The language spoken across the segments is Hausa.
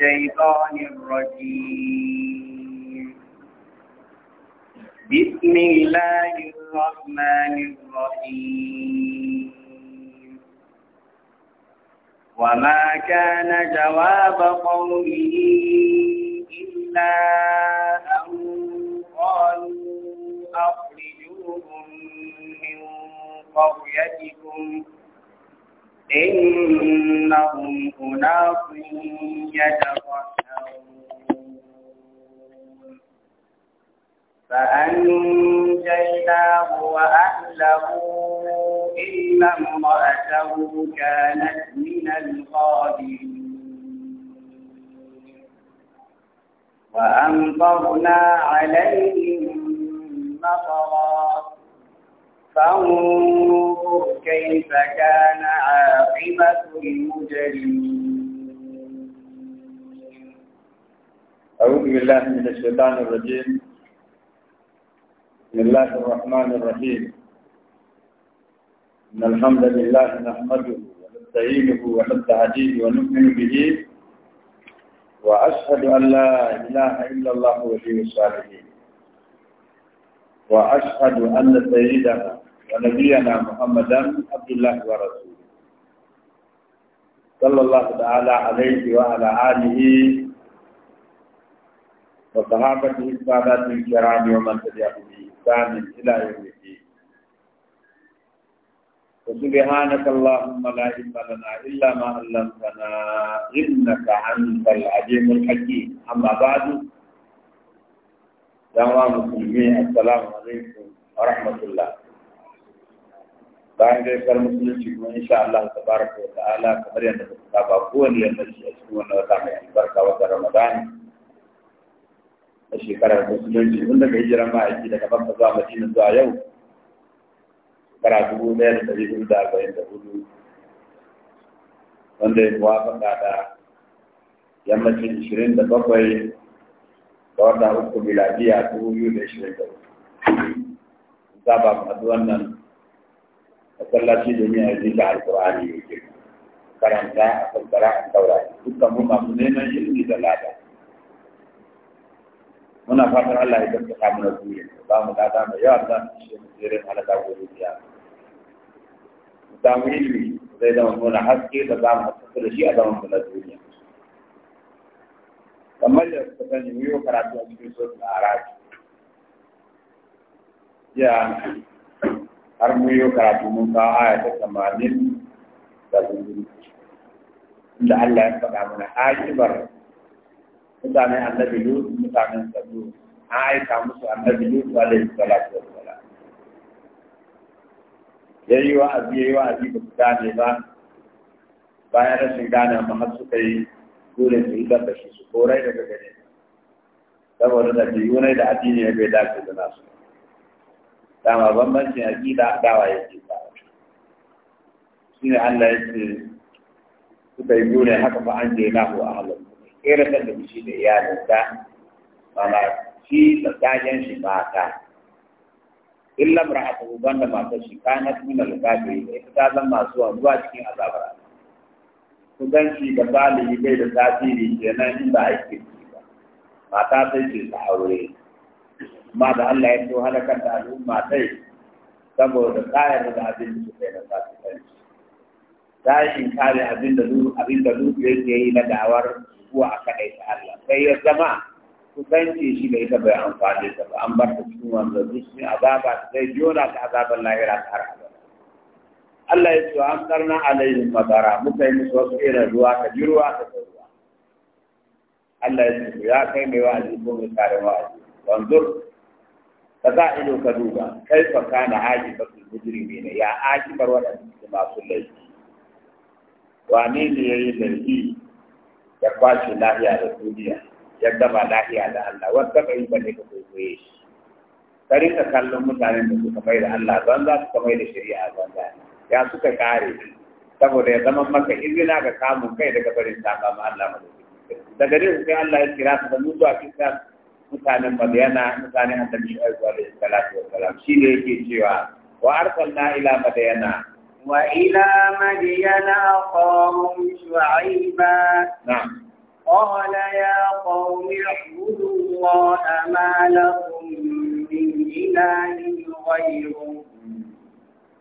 الشيطان الرجيم بسم الله الرحمن الرحيم وما كان جواب قومه إلا أن قالوا أخرجوهم من قريتكم إنهم أناس يتوكلون فأنجيناه وأهله إلا امرأته كانت من الغابرين وأمطرنا عليهم مطرا فانظر كيف كان عاقبة المجرمين أعوذ بالله من الشيطان الرجيم بسم الله الرحمن الرحيم إن الحمد لله نحمده ونستعينه ونستهديه ونؤمن به وأشهد أن لا إله إلا الله وحده الصالحين وأشهد أن سيدنا ونبينا محمدا عبد الله ورسوله صلى الله تعالى عليه وعلى آله وصحابته السادات الكرام ومن تبعهم بإحسان إلى يوم الدين وسبحانك اللهم لا علم لنا إلا ما علمتنا إنك أنت العليم الحكيم أما بعد dama musulmi assalamu alaikum wa rahmatullah bayan dai kar musulunci kuma insha Allah tabaraka wa ta'ala kamar yadda muka saba kowane yammaci a cikin wannan wata mai albarka wata Ramadan a shekarar musulunci tun daga ma aiki daga Makka zuwa Madina zuwa yau shekara dubu ɗaya da ɗari hudu da arba'in da hudu wanda ya muwafaka da yammacin ishirin da bakwai da wata uku miladiya dubu biyu da ishirin da uku saba masu wannan masallaci da domin a zika alkur'ani ya ke karanta a kankara a daura dukkan mu masu neman ilimi da lada muna fatan Allah ya gaskata mana duniya ba mu lada mai yawa za mu shi mu tsere halaka gobe biya mu samu ilimi zai zama muna haske da za mu haskaka da shi a zaman mu na duniya kamar da suka sani mu yi karatu a cikin sosu a rafi ya har mu yi karatu mun kawo aya ta tamanin da zuzuri inda Allah ya faɗa mana akibar mutane annabi lut mutanen sabu an aika musu annabi lut alaihi salatu wassalam yayi wa'azi yayi wa'azi ba su gane ba bayan rashin gane amma har suka yi dole su yi gaba shi su korai daga gare saboda da biyu ne da addini ya bai dace da nasu dama bambancin aƙida dawa ya ce ba shi ne Allah ya ce suka yi biyu ne haka ba an je na ko a halar kera kan da shi da iyalinsa mana shi da tsagen shi mata illa mar'atu banda masu shi kanat min al da ita ta zama zuwa cikin azabar su gan shi ga baligi bai da tasiri kenan in ba aiki mata sai ce ta aure amma da Allah ya so halakar da al'umma sai saboda tsayar da abin da da tasiri na shi. ta yi kare abin da abin da duk yake yi na dawar zuwa a kaɗai ta Allah sai ya zama kusanci shi da ita bai amfani da ba an bar ta cikin wanda duk sun azaba sai jona ta azabar lahira ta har Allah ya ce wa amtarna alaihim madara muka yi musu wasu irin ruwa ka ji ruwa ka ruwa Allah ya ce ku ya kai mai wa'azi ko mai kare wa'azi wanzur ka za a ido ka duba kai fa kana haji ba su mujrimi ne ya aji bar waɗanda su masu laifi wane ne ya yi laifi ya kwashe lahiya da duniya ya gaba lahiya da Allah wata bai ba ne ka kwaikwaye shi ka rinka kallon mutanen da suka mai da Allah banza suka mai da shari'a banza ne ya suka kare saboda ya zama maka izina ga samun kai daga barin saba ma Allah madaukakin daga ne sai Allah ya kira su da mutu a kisan mutanen Madiyana mutanen Annabi Shu'aibu alaihi salatu wa salam shi ne yake cewa wa arsalna ila Madiyana wa ila Madiyana aqahum Shu'aiba na'am قال يا قوم اعبدوا الله ما لكم من إله غيره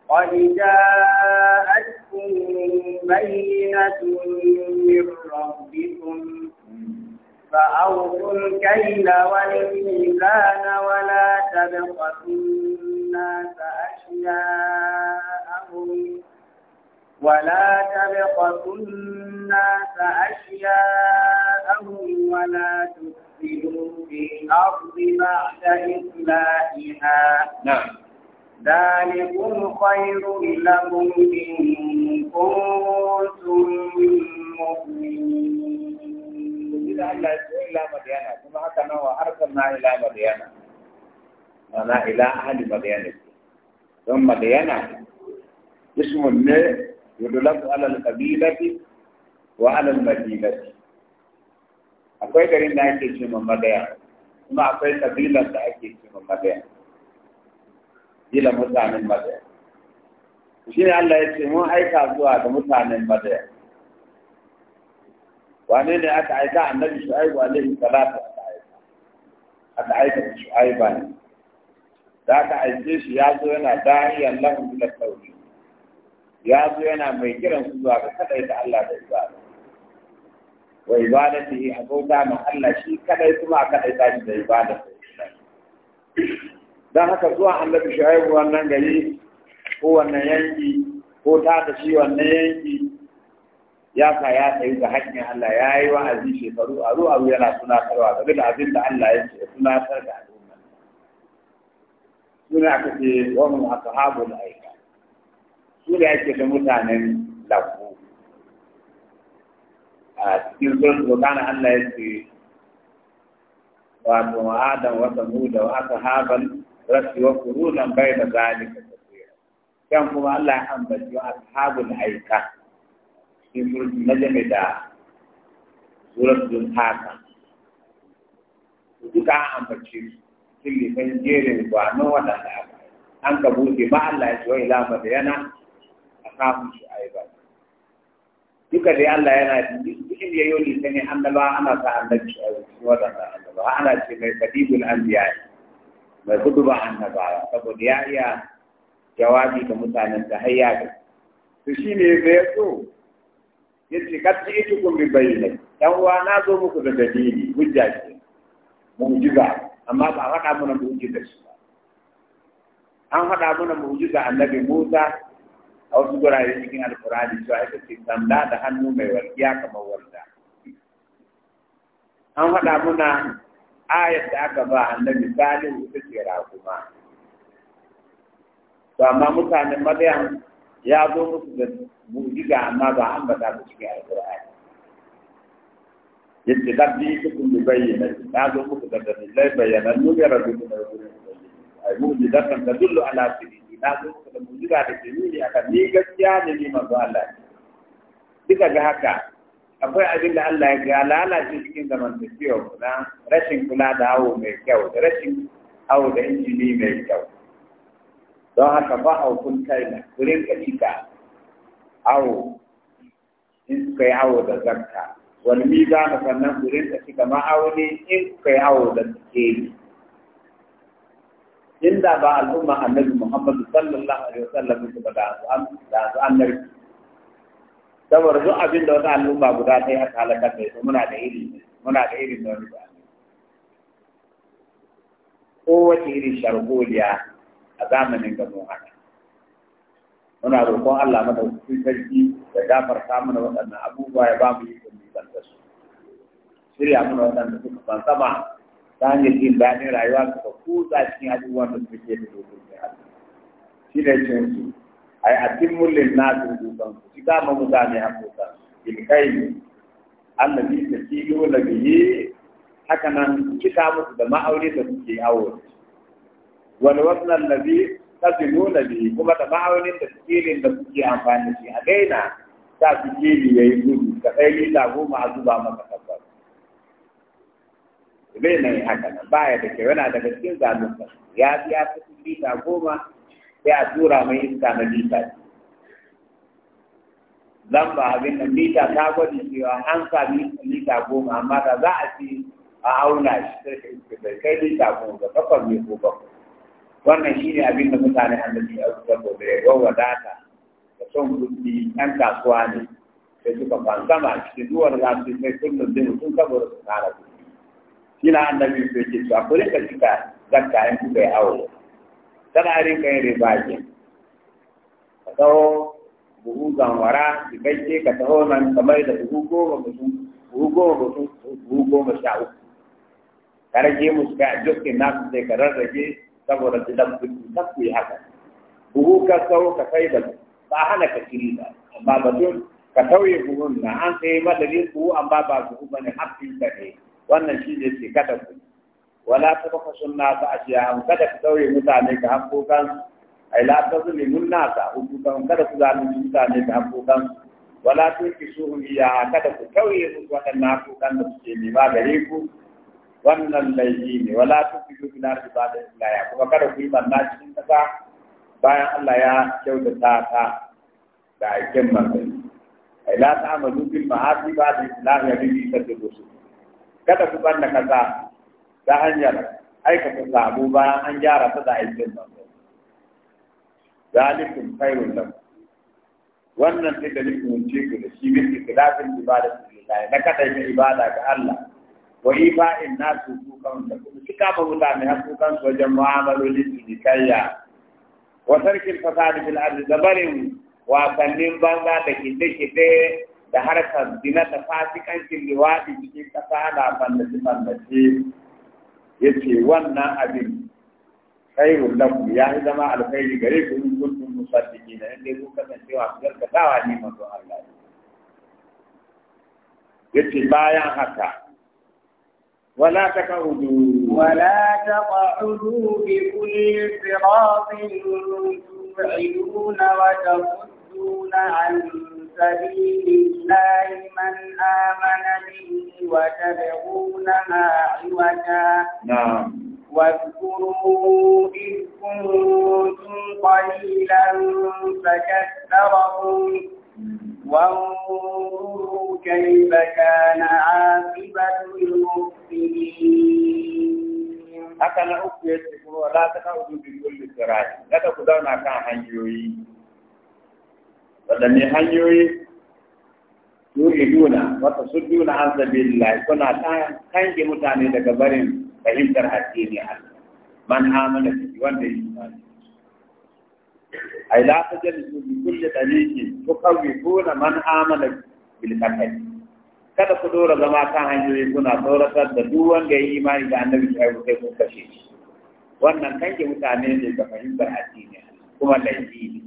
قد جاءتكم بينة من ربكم فأوفوا الكيل والميزان ولا تبخسوا الناس أشياءهم ولا تبخسوا الناس أشياءهم ولا تفسدوا في الأرض بعد إصلاحها نعم ذلكم خير لكم إن كنتم مؤمنين الله يقول إلى مدينة ثم هكذا وأرسلنا إلى مدينة أنا إلى أهل مدينة ثم مدينة اسم يدل على القبيلة وعلى المدينة أقول لك إن أكيد مدينة ثم أقول قبيلة أكيد مدينة ila mutanen madaya shi ne Allah ya ce mun aika zuwa ga mutanen madaya wane ne aka aika annabi shu'aibu alaihi salatu aka aika shu'aiba ne da aka aike shi ya zo yana da'iyan lahum ila tawhid ya zo yana mai kiran su zuwa ga kadai da Allah da ibada wa ibadatihi abota ma Allah shi kadai kuma kadai da ibada don haka zuwa annabi shu'aibu wannan gari ko wannan yanki ko ta da shi wannan yanki ya sa ya tsayi da hakkin Allah ya yi wa'azi shekaru a ruwa yana tunatarwa game da abin da Allah ya ce tunatar da al'umma suna aka ce wa mun da aika su da yake da mutanen lafu a cikin sun al Allah ya ce wa Adam wa Samud wa ashabal rasi wa kurunan bai da zaɓi ka tafiya kan kuma Allah ya ambaci wa ashabul aika cikin na najami da surat zun haka su duka an ambaci su cikin lifin jerin gwano waɗanda aka an ka buɗe ba Allah ya ce wa ilama da yana a kafin shi aiba duka dai Allah yana cikin yayo lifin ya annaba ana sa annabci a wasu waɗanda annaba ana ce mai kadibul an biya ne mai gudu ba annabawa saboda ya iya jawabi ga mutanen ta hayya da shi ne zai ya so ya ce kacce ita kun bi bayyana dan uwa na zo muku da dalili hujja ce mu'jiza amma ba a faɗa mana mu'jiza shi ba an faɗa mana mu'jiza annabi Musa a wasu gurare cikin alkurani cewa ita ce sanda da hannu mai walƙiya kamar walda an faɗa muna ayat da aka ba annabi salim ita ce raƙuma to amma mutanen maryam ya zo musu da mu'jiza amma ba an ba ta cikin alƙur'ani yace dabbi kukum bi bayyana na zo musu da dalilai bayyana mu ga rabbi da wurin ai da kan tadullu ala sirri na zo musu da mu'jiza da ke nuni akan ni gaskiya ne ni manzo Allah duka ga haka akwai abin da Allah ya ga lalace cikin zamantakewa kula rashin kula da awo mai kyau da rashin awo da injini mai kyau don haka ba a hukun kaina ku rinka cika awo in suka yi awo da zarta, wani mizanu sannan ku rinka cika ma'auni in suka yi awo da sikeli inda ba al'umma annabi Muhammadu sallallahu alaihi wasallam su ba da su an saboda duk abin da wata al'umma guda ta yi aka halakar da ita muna da iri muna da iri da wani ba wace iri sharholiya a zamanin ga haka muna roƙon Allah mata hukun sarki da gafar samun waɗannan abubuwa ya ba mu yi ban nisanta su shirya muna waɗanda suka ban sama ta hanyar yin bayanin rayuwa suka kutsa cikin abubuwan da suke da dokokin Allah shi ne cin su ay atimul lin nas wujudan kita ma mutane hakuta bil kayi annabi takilu bi haka nan kita musu da ma'aure da suke awo wal wasna alladhi tazinuna bihi kuma da ma'aunin da suke da suke amfani da shi a daina ta su yi yayi gudu ka dai lita goma a zuba maka tabbas bai nan haka nan baya da ke yana daga cikin zalunta ya biya ta da goma sai a tura mai iska na mita lamba abin da mita ta gwada cewa an sami mita goma amma da za a ce a auna shi sai kai mita goma takwas mai ko bakwai wannan shi ne abin da mutane annabi a suka gobe yau wadata da son gudu ɗan kasuwa ne sai suka fansama cikin duwar za su sai sun kullum din sun saboda su kara kuɗi shi na annabi sai ke cewa ku ka cika zakka in kuka yi awo tana rinka yin riba ke ka taho buhu kai cikakke ka taho nan kamar da buhu goma mutum buhu goma mutum buhu goma sha uku ka rage musu kai a jokin nasu sai ka rarrage saboda su dan kuɗi ta ku yi haka buhu ka taho ka kai da ba hana ka kiri ba amma batun ka tauye buhun na an sai madadin buhu amma ba buhu ba ne haƙƙin ka ne wannan shi ne ke kada kuɗi wala ta baka sunna ba a ciya an kada ku sauye mutane ga hakokan ai la ta zuli mun nasa hukukan kada ku zalunci mutane ga hakokan wala ta ki suhun iya kada ku sauye musu waɗannan hakokan da suke ba gare ku wannan laifi ne wala ta ku yi na ba da islaya kuma kada ku yi banna cikin kasa bayan Allah ya kyautata ta da aikin manzanni ai la ta amalu bil ma'asi ba da ya bi ta su kada ku banna kasa ta hanyar aikata sabu bayan an gyara ta da aikin manzo zalikum khairun lakum wannan sai da nufin ce ku da shi bin ikhlafin ibada lillahi na kada yin ibada ga Allah wa in nasu su kan da kuma shi kama mutane har su kan wajen mu'amalolin cinikayya wa sarkin fasadi bil ardi da barin wasannin banza da kide-kide da harkar zina da fasikancin liwaɗi cikin ƙasa da fallace-fallace ya ce wannan abin khairun lakum ya yi zama alkhairi gare ku in kuntum musaddiqina in dai kun kasance masu gaskatawa ne manzo Allah ya ce bayan haka ولا تقعدوا ولا تقعدوا بكل صراط تعيون وتصدون عن سبيل الله من آمن به وتبغونها عوجا نعم واذكروا إذ كنتم قليلا فكثركم وانظروا كيف كان عاقبة المفسدين haka na uku ya ce kuma la ta kawo dubin kulli sirai kada ku zauna kan hanyoyi waɗanne hanyoyi yu'iduna wa tasudduna an sabilillah kuna ta kange mutane daga barin fahimtar addini Allah man amana bi wanda yi la tajlisu bi kulli tuqawwifuna man amana bil kada ku dora zama kan hanyoyi kuna tsoratar da duk wanda ya yi imani da annabi sai yi sai kashe wannan kanke mutane ne ga fahimtar addini kuma laifi ne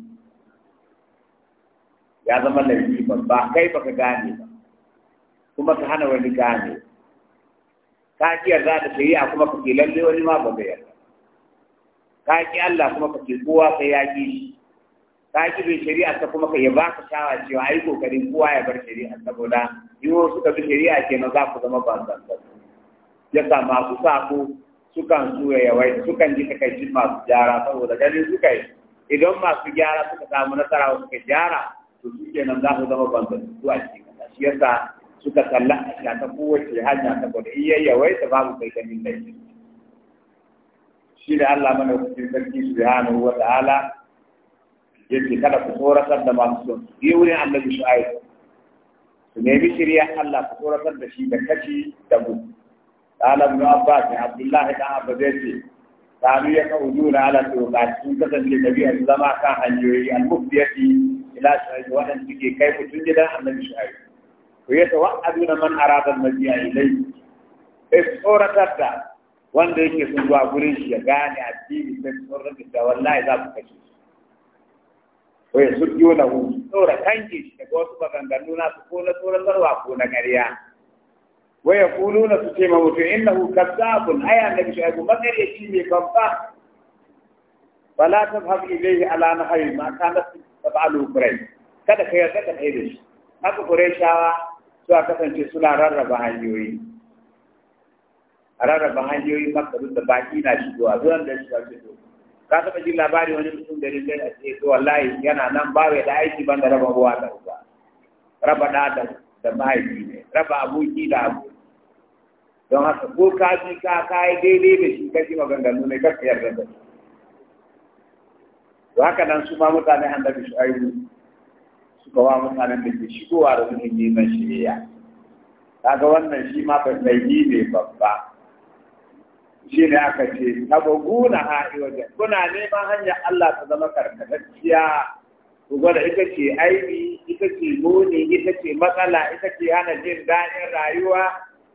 ya zama laifi ba kai baka gane ba kuma ka hana wani gane ka ki yarda da shari'a kuma ka ke lalle wani ma ba zai yarda ka ki Allah kuma ka ke kowa ka ya ki shi ka ki bai shari'a ta kuma ka ya ba ka shawa cewa ai kokarin kowa ya bar shari'a saboda in wasu ka bi shari'a kenan za ku zama ba san ya sa masu sa ku sukan so yawai sukan ji takaicin masu gyara saboda ganin suka yi idan masu gyara suka samu nasara suka gyara to su kenan za su zama banzantu zuwa cikin ƙasa shi yasa suka kalla a ta kowace hanya saboda wai ta babu kai ganin laifi shi da Allah mana kucin sarki subhanahu wa ta'ala yake kada ku tsoratar da masu son su yi wurin annabi shu'aib su nemi shirya Allah ku tsoratar da shi da kashi da gudu قال ابن عباس عبد الله بن ya قالوا يقعدون على الطرقات sun kasance tabi'ar zama kan hanyoyi al-mufdiyati ila shu'aib waɗanda suke kai mutum gidan annabi shu'aib ku yi tawa'aduna man arada al-majiya ilayhi sai su tsoratar da wanda yake sun zuwa gurin shi ya gane addini sai su tsoratar da wallahi za su kashe shi ko ya surgi wani hu tsora kanki shi daga wasu maganganu na su ko na tsoratarwa ko na ƙarya wa ya kuluna su ce ma mutum innahu kazzabun aya annabi shu'aib makaryaci ne babba fala tadhhab ilayhi ala nahyi ma kanat fa'alu quraish kada ka yarda ka tsaye da shi haka qurayshawa suka kasance suna rarraba hanyoyi a rarraba hanyoyi makka duk da baki na shigowa zuwan da shiga ce ka taɓa jin labari wani mutum da rinjai a ce to wallahi yana nan ba da aiki ban da raba ruwa da uba raba da da mahaifi ne raba aboki da aboki. don haka ko ka ji ka kai daidai da shi kashi maganganu ne kar ka yarda da shi haka nan su ma mutane annabi shu'aibu suka wa mutanen da ke shigowa da suke shirya. shiriya kaga wannan shi ma laifi ne babba shi ne aka ce ta na ha wajen kuna neman hanyar Allah ta zama karkatacciya ku gwada ita ce aibi ita ce muni ita ce matsala ita ce hana jin daɗin rayuwa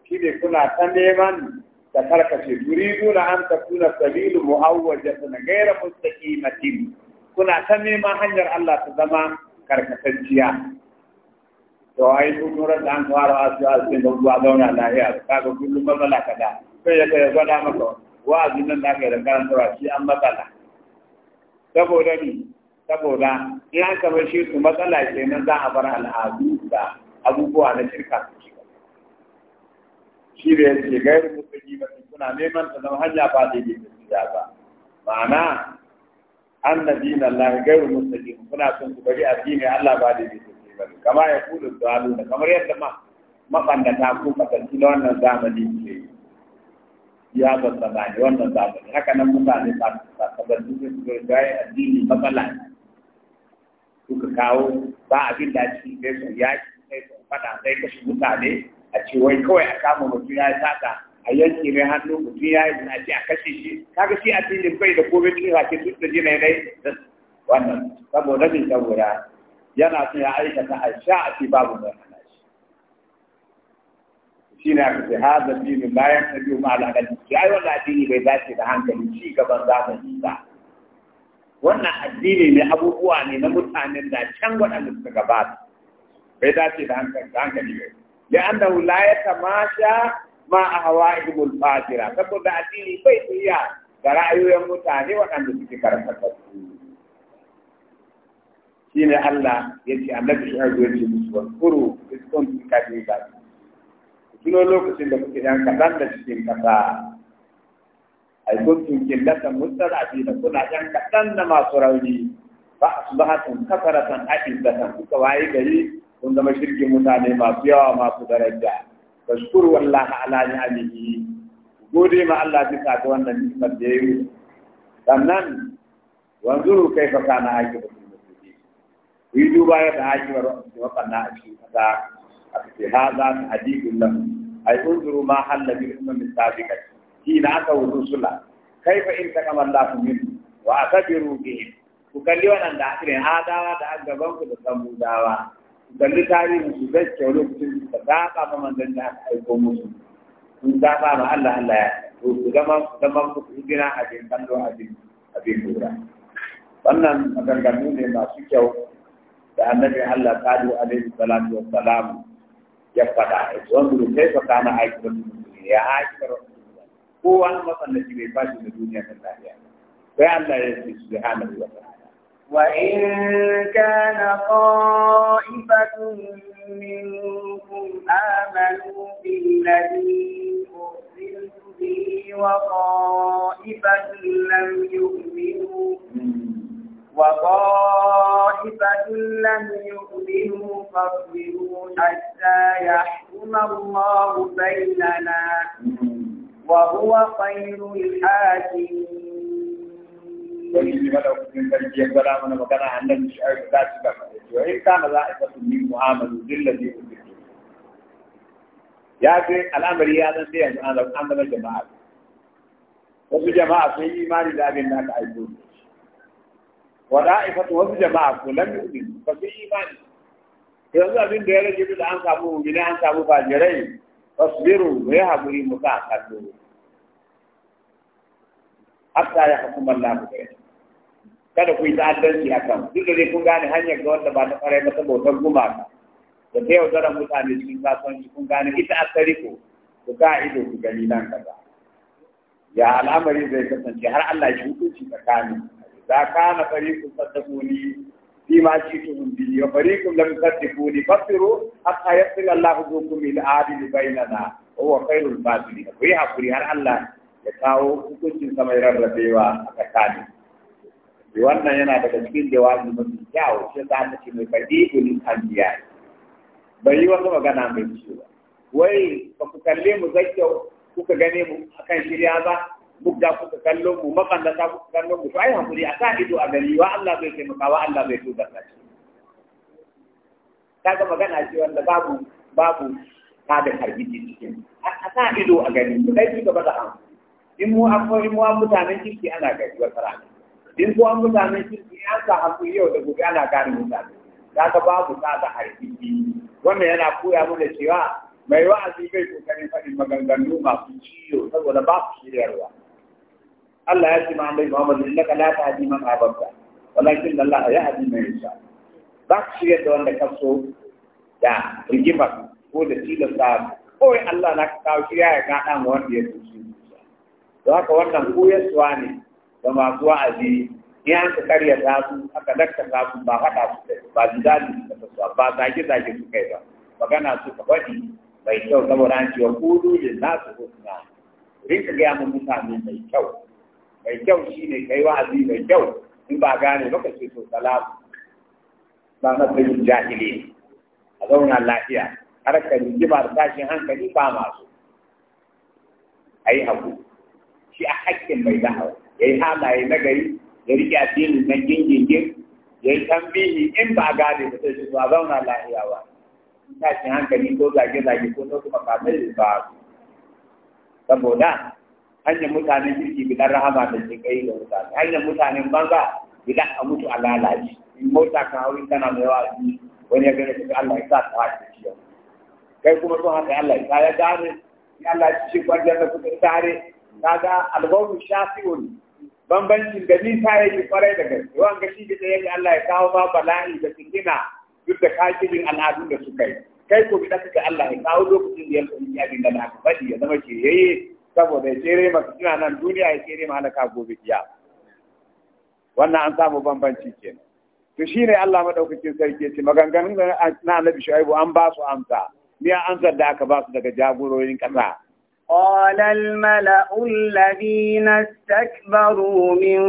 shi ne kuna ta neman ta karkace turiduna an kuna sabilu na ghayra mustaqimatin kuna ta neman hanyar Allah ta zama karkatanciya. to ai duk ran da an fara su asu da ruwa zauna lahiya kaga kullum matsala kada sai ya kai gwada maka a nan da kai da tura shi an matsala saboda ni saboda in an kamar shi su matsala nan za a bar al'adu da abubuwa na shirka su shi da ya ce gairu yi ba suna neman ta zama hanya ba daidai da ba ma'ana annabi na Allah gairu mustaqim kuna son ku bari addini Allah ba da yake sosai ba kama ya kula dalu da kamar yadda ma mabandata ko kasance na wannan zamani ke ya ba bani wannan zamani haka nan mutane ba sabani su zo gaya addini matsala suka kawo ba abin da ake kai sun yaki sai sun fada sai kashe mutane a ce wai kawai a kama mutum ya sata a yanki mai hannu mutum ya yi zinaci a kashe shi kaga shi a addinin bai da komai cikin hakin duk da jinai ne wannan saboda bin saboda yana son ya aikata a sha a ci babu mai hana shi shi ne aka ce ha da dinin bayan ta biyu ma alaƙa shi ai wannan addini bai dace da hankali ci gaban zamani ba wannan addini ne abubuwa ne na mutanen da can waɗanda suka gabata bai dace da hankali bai لأنه لا يتماشى ma a hawa ibul fatira saboda addini bai tsaya ga ra'ayoyin mutane waɗanda suke karanta shi ne Allah ya ce annabi shu'aibu ya ce musu wa kuru iskon kafin ba tuno lokacin da kuke yan kaɗan da cikin kasa ai kun tunkin lasa mustarafi da kuna kaɗan da masu rauni ba asbahatun kafaratan a'izzatan kuka waye kun zama shirkin mutane masu yawa masu daraja fashkuru wallahi ala ni'amihi gode ma Allah bisa ga wannan ni'imar da yayi sannan wanzuru kaifa kana aqibatul mutaqin yi duba ya da aqibar wakanna a aiki kasa aka ce hadha hadithun nan, ay unzuru ma halla bil umam sabiqat hina aka rusula kaifa in takama Allah min wa akabiru bihim ku kalli wannan da akirin hadawa da gaban ku da samudawa kalli tarihi su zai kyau lokacin da ka kama ma manzan da aka aiko musu sun zaɓa ma Allah Allah ya to su zama zama su gina abin kallo abin abin lura wannan maganganu ne masu kyau da annabi Allah kadu alaihi salatu wassalam ya faɗa ya wanda da sai faɗa na aikata musulmi ya aiki musulmi kowa matsan da shi bai fashi da duniya ta tafiya. sai Allah ya ce subhanahu wa ta'ala وإن كان طائفة منكم آمنوا بالذي أرسلت به وطائفة لم يؤمنوا وطائفة لم يؤمنوا فاصبروا حتى يحكم الله بيننا وهو خير الحاكمين Wani ubangiji madaukakin sarki ya gwada mana magana annabi shi aiki ta ci gaba da cewa in kana za a isa su min mu'amalu dilla bi ubangiji ya ce al'amari ya zan sai yanzu an zama jama'a wasu jama'a sun yi imani da abin da aka aiko wa da'ifatu wasu jama'a ko lam yu'min fa fi imani yanzu abin da ya rage da an samu mu gina an samu fajirai fasbiru ya haƙuri muka a kallo hatta ya hukuma Allah ku kada ku yi ta'addanci a kan duk da dai kun gane hanyar ga wanda ba ta kwarai ba saboda gumaka da ta yaudara mutane cikin kasuwanci kun gane ita asali ko ku ka ido ku gani nan kaza ya al'amari zai kasance har Allah ya hukunci tsakanin. za ka na fariqun saddaquni فيما جئتهم به وفريق لم يصدقوني فاصبروا حتى يصل الله Bainana, العادل بيننا وهو خير الفاصلين hakuri har Allah. ya kawo hukuncin sa mai rarrabewa a tsakani wannan yana daga cikin jawabi mafi kyawu shi za ta ce mai faɗi ulin anbiya bai yi wata magana mai ciwo wai ba ku kalle mu zakkau kuka gane mu akan shirya ba bugda kuka kallo mu makandata kuka kallo mu to ai hakuri a sa ido a gani. wa Allah bai taimaka wa Allah bai tuba ta kaga magana ce wanda babu babu ta da harbi cikin a sa ido a gari mu dai tuba da hannu in mu an in mu an mutanen kirki ana gari wata rana in an mutanen kirki an sa hakuri yau da gobe ana gane mutane kaga babu sa da harfi wannan yana koya mana cewa mai wa'azi bai kokarin faɗin maganganu masu ciwo saboda ba su shiryarwa Allah ya ce ma Annabi Muhammad innaka la tahdi man ahbabta walakin Allah yahdi mai yasha ba ku shirya da wanda ka so da rigima ko da tilasta ko Allah na ka kawo shirya ya kaɗa mu wanda ya tushi To haka wannan koyarwa ne ga masu wa'azi in an ka karya ta su aka ta su ba haɗa su kai ba jidali su kasa su ba zage zage su kai ba magana su ka faɗi mai kyau saboda an cewa kudu su ko suna rinka gaya mun mutane mai kyau mai kyau shi ne kai wa'azi mai kyau in ba gane maka ce to salamu ba na sayin jahili a zauna lafiya har ka rigima da tashin hankali ba masu a yi haƙuri shi a hakkin da da'awa ya yi halaye na gari ya riƙe addinin na gingingin ya yi tambihi in ba a gane da sai su ba zauna lahiya ba shi hankali ko zage-zage ko wasu makamai da ba saboda hanyar mutanen kirki bidan rahama da ke kai da mutane hanyar mutanen banza bidan a mutu a lalace in mota kan hauri tana mai wa ji wani ya gane kuma Allah ya sa ta haɗe shi yau kai kuma sun haka Allah ya sa ya gane ya Allah ya ci shi kwanciyar da kuka tare kaga albawu shafi'un bambancin da nisa yake kware da gaske ga shi da yake Allah ya kawo ba bala'i da fitina duk da kakibin al'adun da suka yi kai ko bi daga Allah ya kawo lokacin da yake yi abin da aka faɗi ya zama ke yayi saboda ya tsere maka suna nan duniya ya ma halaka gobe kiya wannan an samu bambanci kenan to shine Allah madaukakin sarki ya ce maganganun na Annabi Shu'aibu an ba su amsa ni an zarda da aka ba su daga jagororin kasa قال الملأ الذين استكبروا من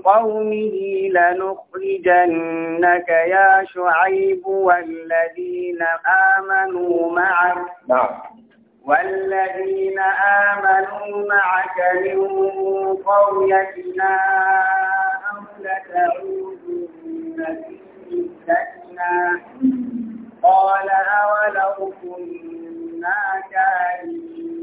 قومه لنخرجنك يا شعيب والذين آمنوا معك نعم. والذين آمنوا معك من قريتنا أو لتعودن في قال أولو كنا كارهين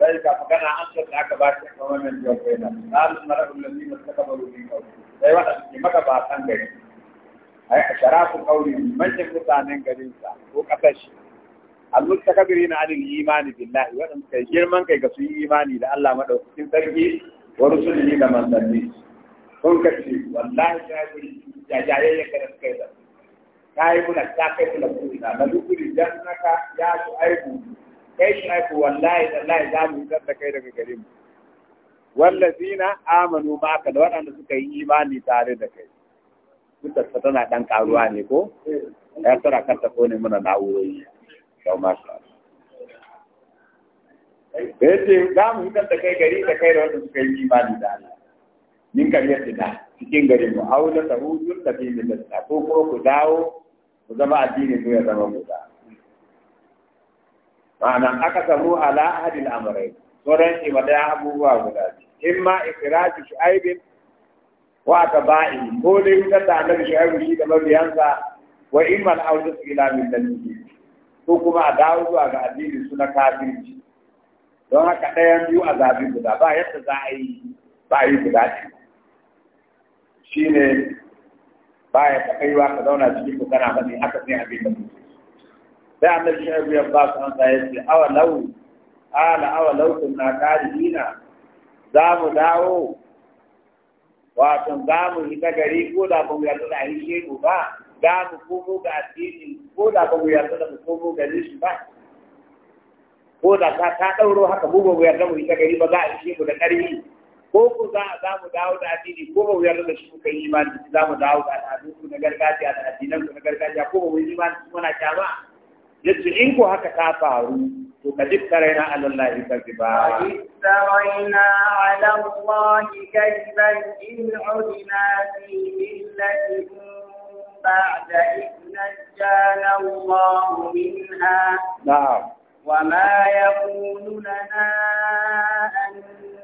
an da aka ذلك فكان أنشط لك باشي قوم من جوفينا قال الملأ الذين استكبروا من قومه sai wata suke maka ba san gari ai a sharafin kauri manyan mutanen garinsa ko ƙasar shi almustakabiri na anil imani billahi waɗanda kai girman kai ga su yi imani da Allah madaukakin sarki wa rusulihi da manzanni sun kace wallahi ta yi ya jajayayya da suka yi da Ta yi muna ta kai kula ko na da dukuri naka ya su aibu kai shu'aibu wallahi wallahi za mu fitar da kai daga gare mu wallazina amanu ka da waɗanda suka yi imani tare da kai duk da tana dan karuwa ne ko ya tsara kanta ko ne muna na'urori da masha yace za mu fitar da kai gari da kai da waɗanda suka yi imani da Allah min kan yi da cikin gari mu aula ta hujjul tabi min da ko ko ku dawo ku zama addini ko ya zama mu da ma'ana aka samu ala ahadil amrai sauran shi ma da abubuwa guda in ma ikiraji shu'aibin wa ta ba'i. ko dai wutar da annabi shu'aibu shi da mabiyansa wa in ma al'audus ila millatihi ko kuma a dawo zuwa ga addinin su na kafirci don haka ɗayan biyu a zabi guda ba yadda za a yi ba a yi guda ɗaya shine ba ya taɓa yi wa ka zauna cikin ku kana faɗi haka sai abin da mutum sai annabi shaibu ya ba su an tsaye ce awa lau ala awa lau kun na karihina za mu dawo wato za mu yi ta gari ko da ba mu yarda da ahishe mu ba za mu komo ga addini ko da ba mu yarda da mu komo gare shi ba ko da ka ta ɗauro haka mu ba mu yarda mu yi ta gari ba za a ishe mu da ƙarfi ko ku za za mu dawo da addini ko ba mu yarda da shi muka yi imani za mu dawo da al'adunku na gargajiya da addinanku na gargajiya ko ba mu yi imani muna kyama yace in ko haka ta faru to ka iftaraina ala Allah kadhiba iftaraina ala Allah kadhiban in udna fi millatikum بعد إذ نجانا الله منها نعم وما يكون لنا أن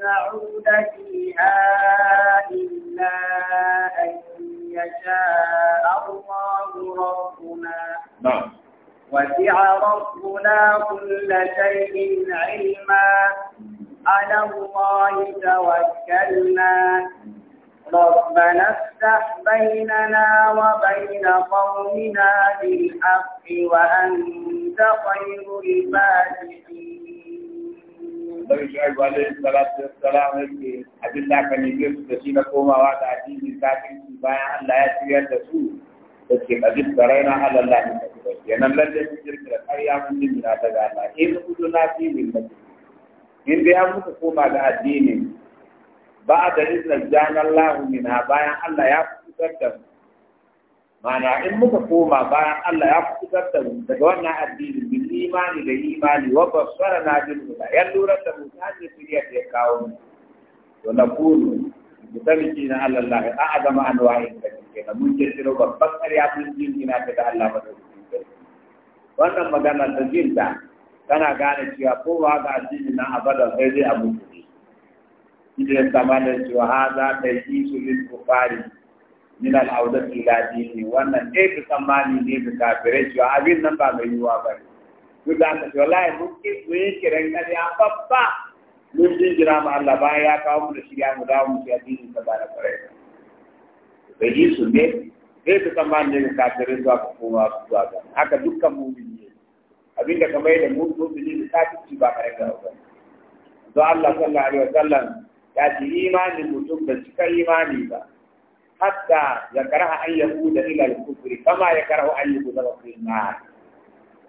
نعود فيها إلا أن يشاء الله ربنا نعم وسع ربنا كل شيء علما على الله توكلنا ربنا افتح بيننا وبين قومنا بالحق وانت خير الفاتحين. عبد الله كان يجلس في سيناء وعد عزيز الكافر في بيان لا take kadis taraina ala Allah nan lalle mun jirkira ƙarya mun jira daga Allah in kudu na fi millati in dai an muku koma ga addini ba da izinin jana Allah mina bayan Allah ya fitar da mu mana in muka koma bayan Allah ya fitar da mu daga wannan addini bil imani da imani wa basara na bil huda ya lura da mu ta ce ta kawo mu to na kunu musamman na Allah lahi a azama an wayin da ke na mun ce siro babban ƙarya sun jin ina ta da Allah ba da wannan magana ta jin ta tana gane cewa kowa ga addini na abadan sai dai abu ne idan sama da cewa ha za ta yi su lil kufari min al audat ila dini wannan dai bi tsammani ne bi kafirai cewa abin nan ba mai yiwuwa ba ne duk da haka wallahi mun ki mun yi kiran a babba mun jinjira ma Allah bayan ya kawo mu da shirya mu dawo mu ya dinin ka bada kwarai bai su ne sai ta tsammanin daga kafirin zuwa ka koma zuwa ga haka dukkan mumin ne abinda kamar yadda mun mumin ne kafirci ba kare ga ba don Allah sallallahu alaihi wasallam ya ji imanin mutum da cika imani ba hatta ya karaha an yahuda da al-kufri kama ya karaha an yahuda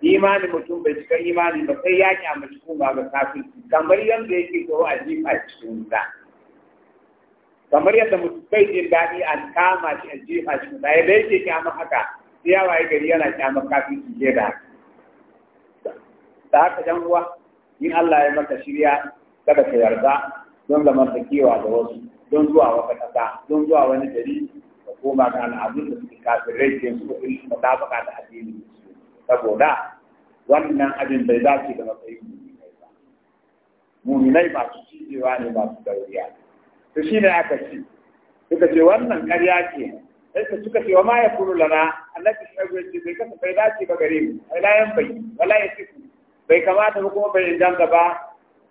imanin mutum bai cika imani ba sai ya kyamaci kuma ga kafin kamar yadda yake tsoro a jifa cikin wuta kamar yadda mutum bai jin daɗi a kama shi a jifa cikin wuta yadda yake kyamar haka sai ya waye gari yana kyamar kafin su je da haka da haka jan uwa in Allah ya maka shirya kada ka yarda don zamantakewa da wasu don zuwa wata ƙasa don zuwa wani gari ka koma ga al'adun da suke kafin rai ke su kuɗin da da addini saboda wannan abin bai dace da matsayin muminai ba muminai masu cijewa ne masu dauriya to shi ne aka ce suka ce wannan karya ce sai suka ce wa ma ya kuru lana annabi shaibu ya ce bai kasa bai dace ba gare mu ai layan bai wala ya siku bai kamata ba kuma bai danga ba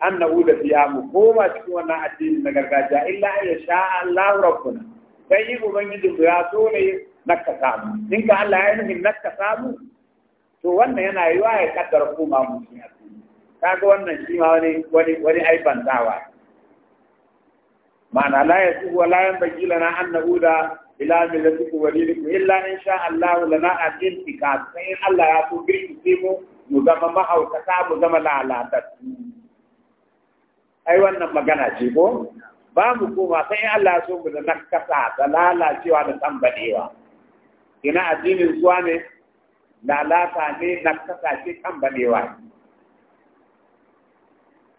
an na wuda fiya mu koma cikin wannan addini na gargajiya illa ya sha Allah rabbuna sai yi ubangijin ya so ne nakka samu in ka Allah ya yi nufin nakka samu to wannan yana yiwa ya kaddar kuma mutum ya kaga wannan shi ma wani wani wani aibantawa ma'ana la yasuhu wa la yanbaghi lana an na'uda ila millatikum wa dinikum illa in sha Allah lana tika sai Allah ya so girki mu mu zama mahaukata mu zama lalatattu ai wannan magana ce ko ba mu koma sai Allah ya so mu da nakasa da lalacewa da tambadewa ina addinin suwa ne lalata ne na ce kan balewa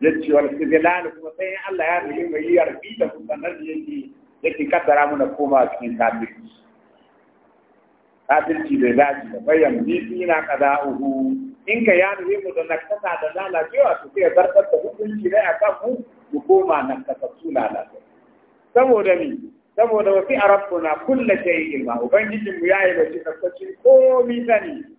ya ce wani sibilani kuma sai in Allah ya rubi mai yi yarfi da kuma nan yake yake kaddara muna koma cikin kafirci kafirci bai dace da bayan bibi na kaza uhu in ka ya rubi mu da na kasa da lalacewa su sai zartar da hukunci ne a kan mu mu koma kasa su lalace saboda ni saboda wasu a rabbuna kulla shay'in ma ubangijinmu yi da shi kasacin komi sani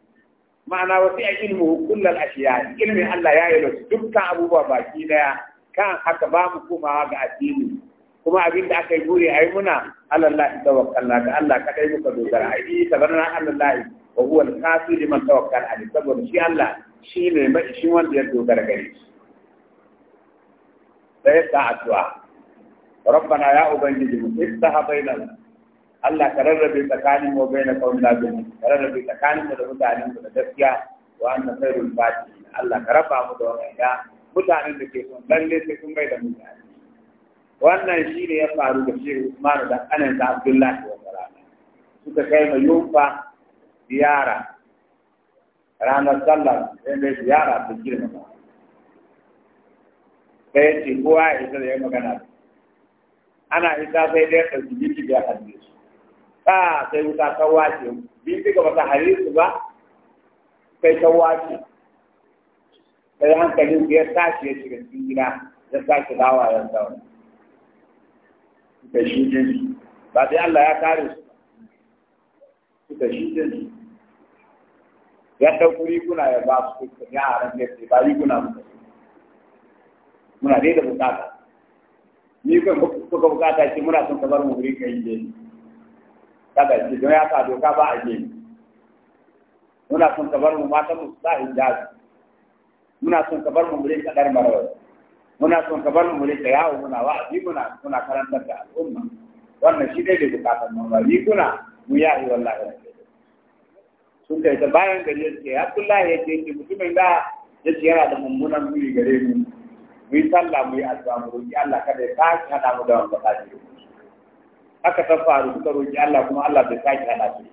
ma'ana wasu a ilmu kullal ashiya ilmin Allah ya yi wasu dukkan abubuwa baki daya kan haka ba mu komawa ga addini kuma abin da aka yi buri ai muna alallahi tawakkalna ga Allah dai muka dogara ai tabarna Allah wa huwa al-kafi liman tawakkal ali saboda shi Allah shi ne mai shi wanda ya dogara gare shi sai ta addu'a ربنا يا أبنجي استهبينا Allah ka rarrabe tsakanin mu bai na kauna bin ka rarrabe tsakanin mu da mutanen mu da gaskiya wa anna khairul fatihin Allah ka raba mu da wanda mutanen da ke son lalle sai sun bai da mutane wannan shi ne ya faru da shi Usman da anan da Abdullahi wa salama suka kai mai yunfa ziyara ranar sallah sai mai ziyara ta girma sai ce kowa ya isa da ya magana ana isa sai dai ɗauki jiki da hadisi ka sai wuta ta wace bindiga ba ta hare su ba sai ta wace sai hankalin su ya tashi ya shiga cikin gida ya sake dawa ya zaune da shi jini ba sai Allah ya kare su da shi jini ya ɗauki riguna ya ba su kuka yaran da ke ba riguna su muna dai da bukata ni kuka bukata ce muna son ka bar mu wuri yi jini kada shi don ya sa doka ba a je muna son ka bar mu mata mu sa hijabi muna son ka bar mu mu rinka dar muna son ka bar mu mu rinka yawo muna wa'azi muna muna karantar da al'umma wannan shi ne da bukatar mu ba kuna mu yahi wallahi rabbi sun kai ta bayan gari ya ce abdullahi ya ce ce mutumin da ya ce yana da mummunan muni gare mu mu yi sallah mu yi addu'a mu roki Allah kada ya sake hada mu da wannan mu aka san faru suka roƙi Allah kuma Allah bai sake hana su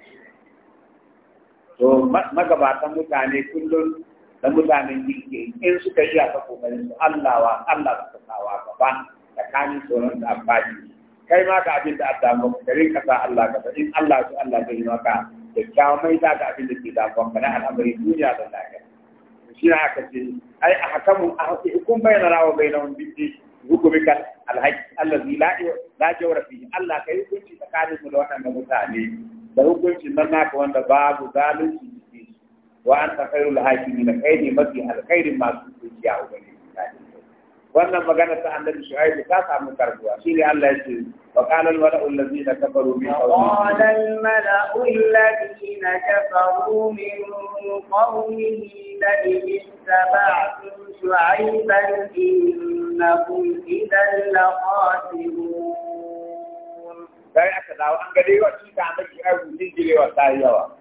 to magabatan mutane kullum da mutanen jirgi in suka yi a kokarin su Allah wa Allah ka sawa gaba tsakanin tsoron da amfani kai ma ka abin da addamu ka rinka sa Allah ka in Allah su Allah zai yi maka kyakkyawan mai za ka abin da ke damuwa ka na al'amari duniya da lafiya shi na aka ce ai a hakamu a hukum bayyana rawa bayyana wani biddi hukumika alhaji allazi la la jawra fihi Allah kai hukunci tsakanin mu da waɗannan mutane da hukuncin nan naka wanda babu zalunci cikin shi wa anta khairul hakimin kai ne mafi alkhairin masu hukunci a ubangiji wannan magana ta annabi shu'aibu ta samu karbuwa shine Allah ya ce وقال الملأ الذين كفروا من قومه قال الملأ الذين كفروا من قومه لئن اتبعتم شعيبا إنكم إذا لخاسرون aka dawo an wa ta yawa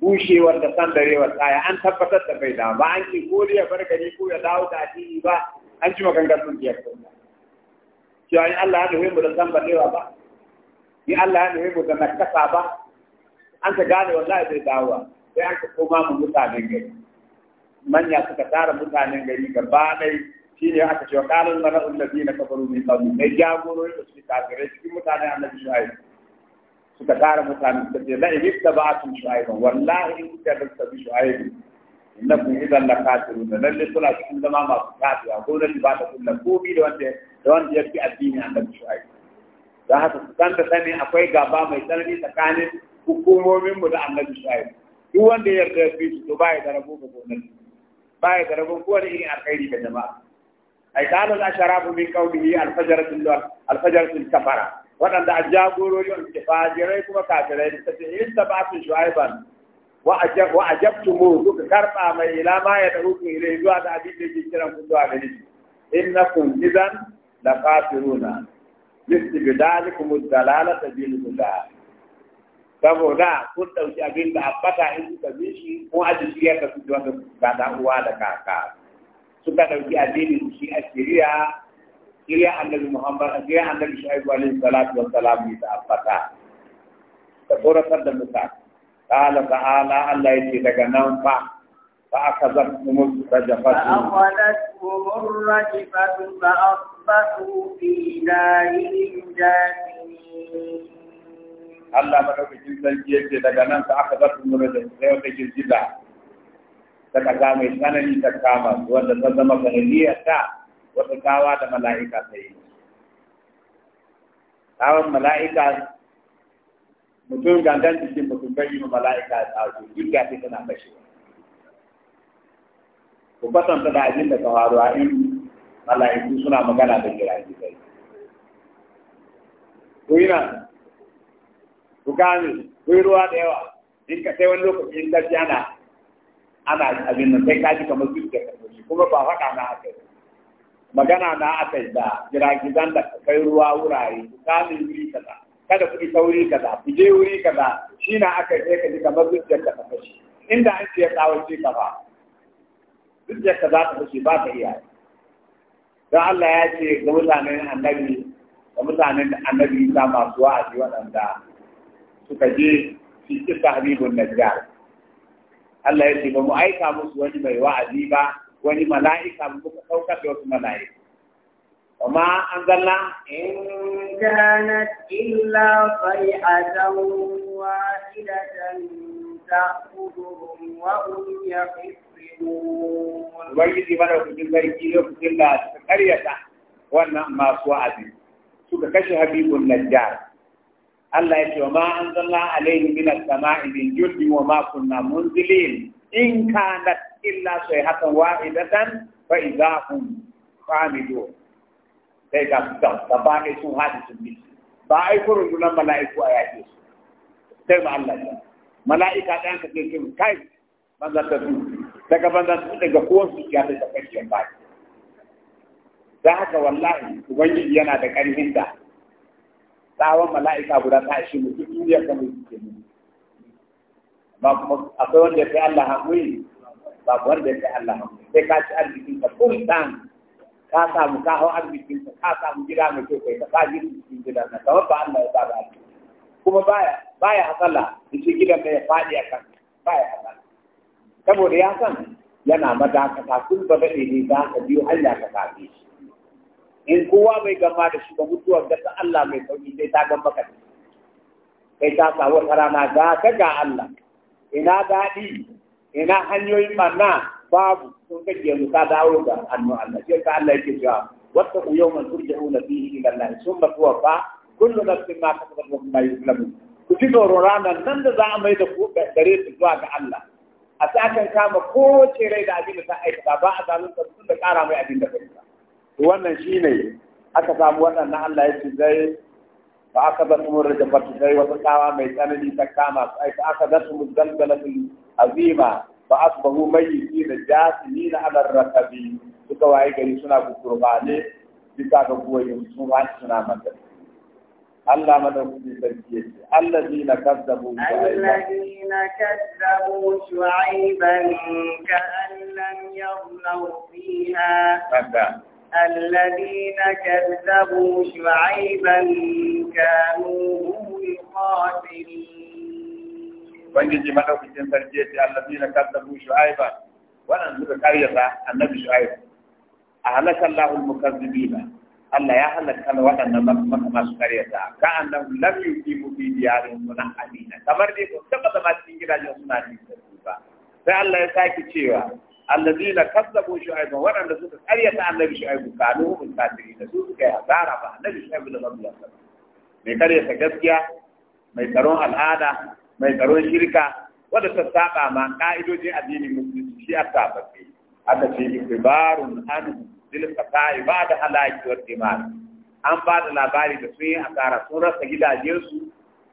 bushewar da sandarewa ta an tabbatar da bai dawo ba an ce ko ya bar gari ko ya dawo da ba an ci maganganun biyar kuma cewa in Allah ya nufi mu da zambalewa ba in Allah ya nufi mu da nakasa ba an ka gane wallahi zai dawowa sai an ka koma mu mutanen gari manya suka tara mutanen gari gaba ɗaya shi ne aka cewa ƙarin mara ullabi na kafaru mai tsauni mai jagorori da suke kafirai cikin mutanen annabi shu'aib suka tara mutanen suka ce la'in hifta ba a tun shu'aiban wallahi in kuka da suka bi shu'aibu innakum idan la kafirun lalle suna cikin zama masu kafiya gwamnati ba ta kulla komi da wanda da wanda ya fi addini a kan shu'aib don haka su san da sani akwai gaba mai tsanani tsakanin hukumominmu da annabi shu'aib duk wanda ya yarda ya fi su to baya da rabo ga gonar baya da rabo kowane irin alkhairi ga jama'a ai kana da sharafu min qawlihi al-fajratul al-fajratul kafara wadanda ajagoro ke fajirai kuma kafirai ta ce in tabatu shu'aiban wa ajab wa mu kuka karba mai ila ma ya dauku ilai zuwa da abin da yake kiran ku zuwa gare shi innakum idan لقاتلون لاستبدالكم الدلالة بالهدى saboda kun ɗauki abinda da abbata in suka bi shi kuma a ji shirya ka su wanda ga da uwa da kaka suka ɗauki addinin shi a shirya a shirya annabi shaibu alaihi salatu wa salam da da allah ya ce daga nan fa فأخذتهم الرجفة فأخذتهم الرجفة فأصبحوا فأصبحوا في دارهم جاثمين الله مدوكين سنجي يجي daga nan sa aka bar mu da sai wata girgiza ta kaza mai tsanani ta kama wanda ta zama sanadiyar ta wata kawa da mala'ika ta yi tsawon mala'ika mutum gangan jikin mutum bai yi mala'ika a tsawo duk da tana kashewa ku kwatanta da abin da ta faru a in mala'iku suna magana da jirage sai ko ina ku gane ko ruwa da yawa in ka sai wani lokaci in gaji ana ana abin nan sai kaji kamar su ke kasoshi kuma ba faɗa na haka magana na aka yi da jiragizan da kai ruwa wurare ku gane wuri kaza kada ku yi sauri kaza ku je wuri kaza shi na aka yi ka ji kamar su ke kasoshi inda an ce ya tsawon ce kafa ba duk da kaza ta fashe ba ta iya don Allah ya ce ga mutanen annabi da mutanen annabi Isa masu wa'azi waɗanda suka je fi kisa habibun najjar Allah ya ce ba mu aika musu wani mai wa'azi ba wani mala'ika ba muka saukar da wasu mala'ika وما أنزلنا إن كانت إلا صيحة واحدة تأخذهم وهم يقفون ubangiji mana kudin sarki lokacin da suka karyata wannan masu wa'azi suka kashe habibun najjar Allah ya ce wa ma anzalna alaihi min as-sama'i min jundi wa ma kunna munzilin in kanat illa sai wa wahidatan fa idza hum qamidun sai ga ta ba ne sun hadi sun bi ba ai kurun nan mala'iku a yake sai ma Allah ya mala'ika dan ka ce kai daga banzan daga kowansu ya ta tafashe baki da haka wallahi ubangiji yana da ƙarfin da tsawon mala'ika guda ta ishe mu duk duniyar da mu ke mu ba kuma akwai wanda ya fi Allah hankuri ba kuma wanda ya fi Allah hankuri sai ka ci arzikin ka kun dan ka samu ka hau arzikin ka ka samu gida mai kyau kai ka sa gidan cikin gidan na kamar ba Allah ya ba da kuma baya baya hasala da shi gidan da ya faɗi a kan baya hasala saboda ya san yana madakata sun ba daɗe ne za ka biyo Allah ka kafe shi in kowa bai gama da shi ba mutuwar da Allah mai sauki sai ta gama ka sai ta sa wata rana ga ka ga Allah ina daɗi ina hanyoyin manna babu sun kake mu ta dawo ga hannu Allah sai ka Allah yake cewa wata yawman turja'una fihi ila Allah fa? kullum na fi ma kasabat wa kuma yi ku ji tsoron ranar nan da za a mai da ku gare su zuwa ga Allah a akan kama kowace rai da abin da ta aikata ba a zalunta sun da kara mai abin da bai ba wannan ne aka samu waɗannan Allah ya ce zai ba aka zata mun rajafatu zai wata kawa mai tsanani ta kama su fa aka zata mun zalzalatul azima fa asbahu mayyiti da na alar rakabi suka waye gari suna gurbane bisa ga goyon sun wani suna mantar الذين كذبوا sarki ya ce allazina kazzabu allazina kazzabu الذين كذبوا شعيبا كانوا هم الخاسرين. بنجي ما لو كنت الذين كذبوا شعيبا وانا نقول كاريسا النبي شعيب أهلك الله المكذبين Allah ya da waɗannan maka masu karyata ka annahu lam yuqimu fi diyarin suna amina kamar dai ko taba zama cikin gidajen suna ne ba sai Allah ya sake cewa allazina kazzabu shu'aiba waɗanda suka karyata annabi shu'aibu kanu hum da su suka yi hasara ba annabi shu'aibu da babu mai karyata gaskiya mai tsaron al'ada mai tsaron shirka wanda ta saba ma ka'idojin addinin musulunci shi a tabbace aka ce ikibarun hannu. bil fatai ba da halaki wa dimal an ba da labari da sun yi asara sun rasa gidajensu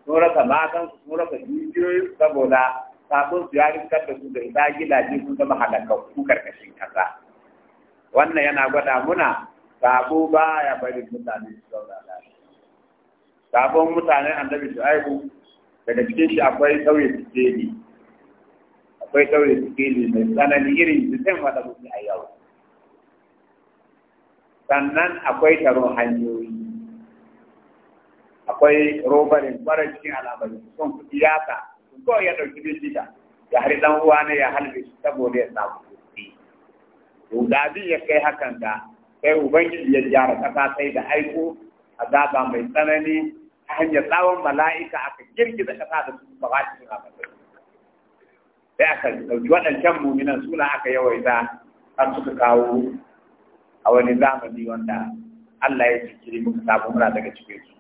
sun rasa matansu sun rasa jijiyoyin saboda sabon su ya riskar da su da ita gidaje sun zama halakakku karkashin kasa wannan yana gwada muna sabo ba ya bari mutane su zauna lafiya sabon mutanen annabi shu'aibu daga cikin shi akwai sauye sikeli akwai sauye sikeli mai tsanani irin jikin wata mutum a yau sannan akwai taron hanyoyi akwai robarin fara cikin al'amari son kuɗi ya sa ko ya ɗauki bindita ya har dan uwa ne ya halbe shi saboda ya samu kuɗi rudabin ya kai hakan da sai ubangiji ya gyara ƙasa sai da aiko azaba mai tsanani ta hanyar tsawon mala'ika aka girgiza ƙasa da su ba ba cikin al'amari sai aka ɗauki waɗancan muminan suna aka yawaita har suka kawo a wani zamani wanda Allah ya cikiri muka samu muna daga cikin su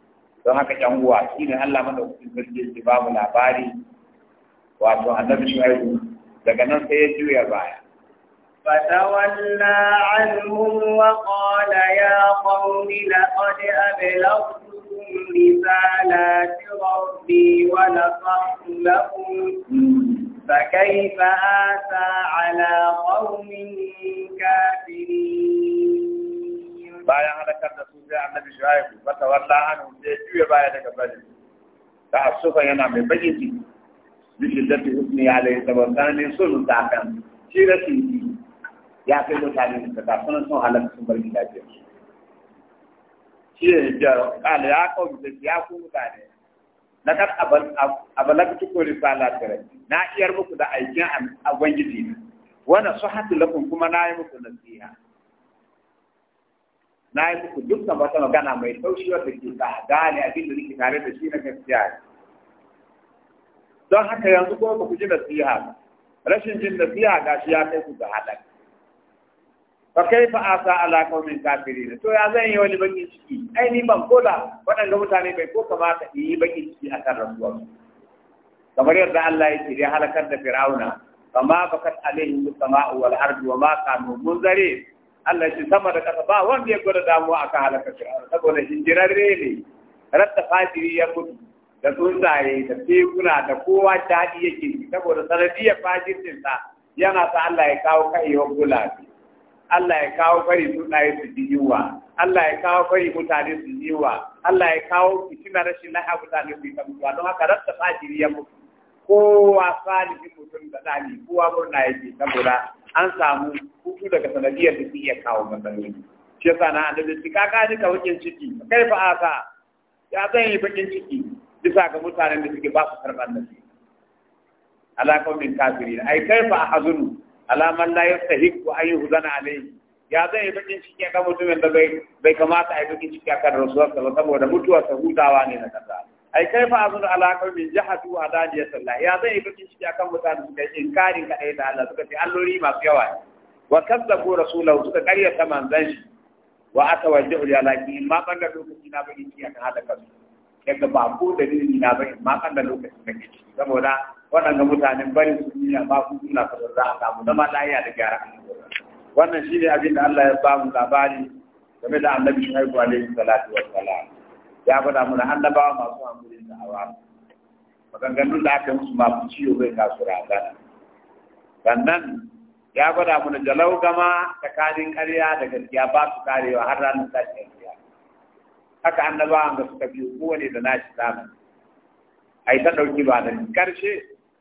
don haka yan uwa shine Allah madaukakin sarki ya ba mu labari wato annabi Shu'aibu daga nan sai ya juya baya فتولى عنهم وقال يا قوم لقد أبلغتكم رسالات ربي ونصحت لكم فكيف آسى على قوم كافرين bayan halakar da su sai annabi shu'aibu wata walla anhu sai juya baya daga bari ta asufa yana mai bakin ciki bishillati husni alayhi saboda ne sun ta kan shi rashin ya kai mutane da ta sunan sun halakar sun bar gidajen su shi ne jaro kala ya kawo da ya ku mutane na kan abalaka tuko risala tare na iyar muku da aikin ubangiji ne wannan su hatu lakum kuma na yi muku nasiha na yi muku dukkan wata magana mai taushi wadda ke da gane abin da nake tare da shi na gaskiya Don haka yanzu ko ku ji nasiha rashin jin nasiha ga shi ya kai ku ga halaka. Fa kai fa asa ala kaumin kafiri ne. To ya zan yi wani bakin ciki. Ai ni ban koda waɗanda mutane bai ko kamata in yi bakin ciki a kan rasuwar Kamar yadda Allah ya ce ya halakar da Fir'auna. Kama bakat alaihi musamman wal ardu wa ma kanu munzare. Allah shi sama da kasa ba wanda ya gwada damuwa kan halakar fir'auna saboda hinjirarre ne Rasta fajiri ya mutu da tsuntsaye da tekuna da kowa daɗi yake saboda sanadiyar fajircinsa yana sa Allah ya kawo kaiwa gulafi Allah ya kawo fari tsuntsaye su ji yiwa Allah ya kawo fari mutane su ji yiwa Allah ya kawo fitina rashin lahiya mutane su yi ta mutuwa don haka rasta fajiri ya mutu kowa salifin mutum da ɗani kowa murna yake saboda an samu hutu daga sanadiyar da su iya kawo matsaloli shi yasa na da shi ka gani ka wakin ciki kai fa aka ya zan yi bakin ciki bisa ga mutanen da suke ba su karban nasi ala kaumin kafirin ai kai fa ahzunu ala man la yastahiqu an a alayhi ya zan yi bakin ciki kan mutumin da bai kamata a yi bakin ciki akan ba saboda mutuwa sa hutawa ne na kasa ai kai fa azun min qaumin jahadu adaniyat Allah ya zan yi shi akan mutanen suka yi inkarin ka da Allah suka ce allori masu yawa wa kazzabu rasulahu suka ta manzan shi wa atawajjahu ya laki ma banda lokaci na bakin shi akan hada kansu yadda ba ko ni na bakin ma banda lokaci na kici saboda waɗanda mutanen bari su ne ba ku suna kasar za a samu zama lahiya da gyara wannan shine abin da Allah ya bamu labari game da annabi Shuaibu alaihi salatu wassalam ya faɗa mana annabawa masu hankulin da hawa maganganun da aka musu masu ciwo bai kasu razana sannan ya faɗa mana jalau gama tsakanin ƙarya da gaskiya ba su karewa har ranar tashin ƙarya haka annabawa da suka biyo kowane da nashi zamani a yi ta ɗauki ba da ƙarshe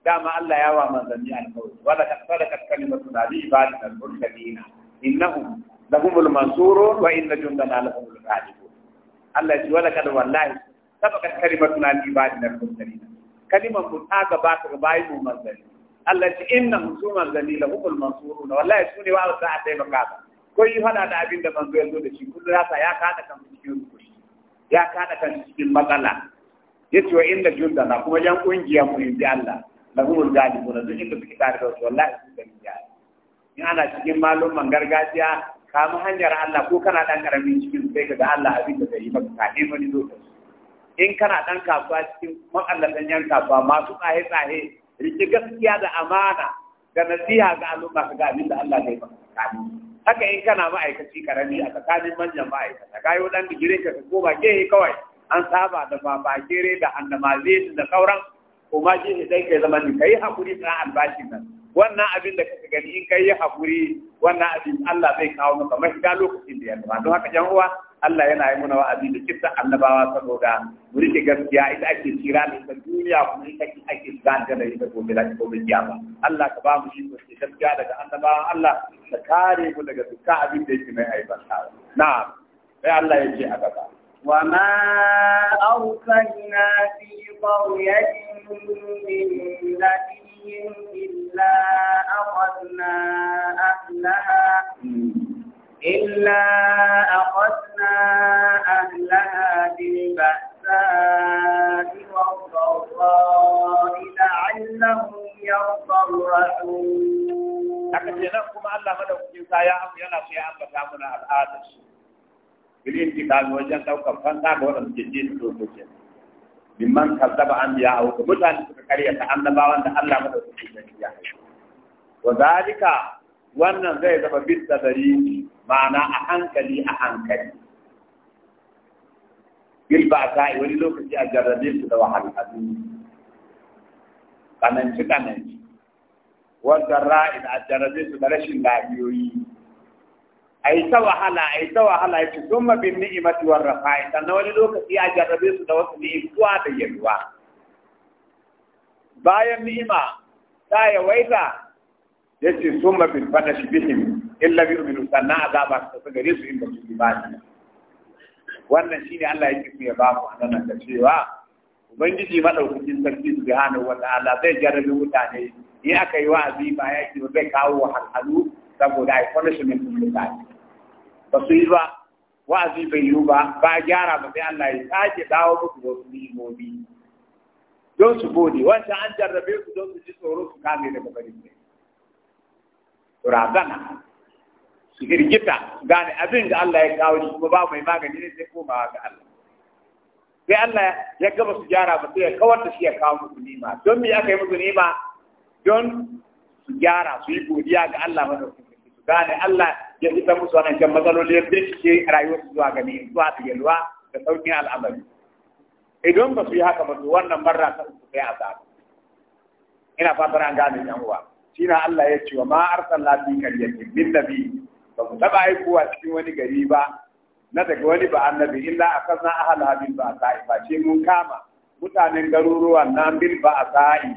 dama Allah ya wa manzanni alƙawari wala kad sadakat kalimatu nabi ibadina al-mursalina innahum lahumul mansurun wa inna jundana lahumul ghalibun Allah ya ji wala kada wallahi sabaka kalimatu na bi na mursalina kalimar mu ta gabata ga bayin mu manzali Allah ya inna musuman la hukul mansuruna wallahi sune wa za a taimaka ka ko yi fada da abin da manzo yanzu zo da shi kullu ya ya kada kan cikin rukushi ya kada kan cikin matsala yace wa inna na kuma jan kungiya mu inda Allah mu galibuna duk inda suke tare da wallahi su da ni ana cikin maluman gargajiya ka mu hanyar Allah ko kana dan karamin cikin sai ga Allah abin da zai yi maka kafin wani lokaci in kana dan kasuwa cikin makallatan yan kasuwa masu tsahe tsahe rike gaskiya da amana da nasiha ga al'umma ka ga abin da Allah zai maka haka in kana ma'aikaci karami a tsakanin manyan ma'aikata kayo dan digirin ka ko ba ke kawai an saba da gere da annamaze da sauran je ji dai kai zaman ka yi hakuri tsara albashin nan wannan abin da kake gani in kai ya haƙuri wannan abin Allah zai kawo maka mafita lokacin da ya zama don haka jama'a Allah yana yi muna wa'azi da kissa annabawa saboda mu rike gaskiya ita ake tsira da ita duniya kuma ita ake tsira da ita gobe da gobe ba Allah ka ba mu shi sosai gaskiya daga annabawa Allah ka kare mu daga dukkan abin da yake mai aibanta na sai Allah ya ce a gaba وما أرسلنا في قرية من نبي بشيء إلا أخذنا أهلها إلا أخذنا أهلها بالبأساء والضراء لعلهم يضرعون haka kuma Allah madaukakin sa ya abu yana so ya ambata muna al'adar su bilin ti kalu wajen daukar fansa ga waɗanda ke jin mimman kazzaba a to mutane suka karyata annabawan da Allah madaukakin sarki ya aika wa zalika wannan zai zama bin sadari ma'ana a hankali a hankali bil yi wani lokaci a jarrabe su da wahalhalu kananci kananci wanda ra'id a jarrabe su da rashin lafiyoyi ai ta wahala ai ta wahala yace kuma bin ni'imati war rafa'i sannan wani lokaci a jarrabe su da wasu ni'imtuwa da yalwa bayan ni'ima ta yawaita yace thumma bin shi bihim illa bi uminu sannan azaba ta gare su su ba su imani wannan shine Allah yake ku ya ba a anan da cewa ubangiji madaukakin sarki subhanahu wa ta'ala zai jarrabe mutane in aka yi wa'azi ba yake zai kawo wahalhalu saboda a ai punishment din mutane ba su yi ba wa'azi bai yiwu ba ba gyara ba sai Allah ya sake dawo musu wasu ni'imomi don su gode wancan an jarrabe su don su ji tsoro su kame daga bari. ne su razana su girgita gane abin da Allah ya kawo shi kuma ba mai magani ne sai komawa ga Allah sai Allah ya gaba su gyara ba sai ya kawar da shi ya kawo musu nima don me aka yi musu nima don su gyara su yi godiya ga Allah madaukakin gane Allah ya isa musu waɗancan matsaloli ya bincike rayuwar zuwa gani zuwa ta yalwa da sauƙin al'amari idan ba su yi haka ba su wannan marra ta uku sai azabu ina fatan an gane yan uwa na Allah ya ce wa ma arsalna fi qaryatin min nabi ba mu taba aikowa cikin wani gari ba na daga wani ba annabi illa akazna ahal bil ba sa'i ba ce mun kama mutanen garuruwan nan bil ba sa'i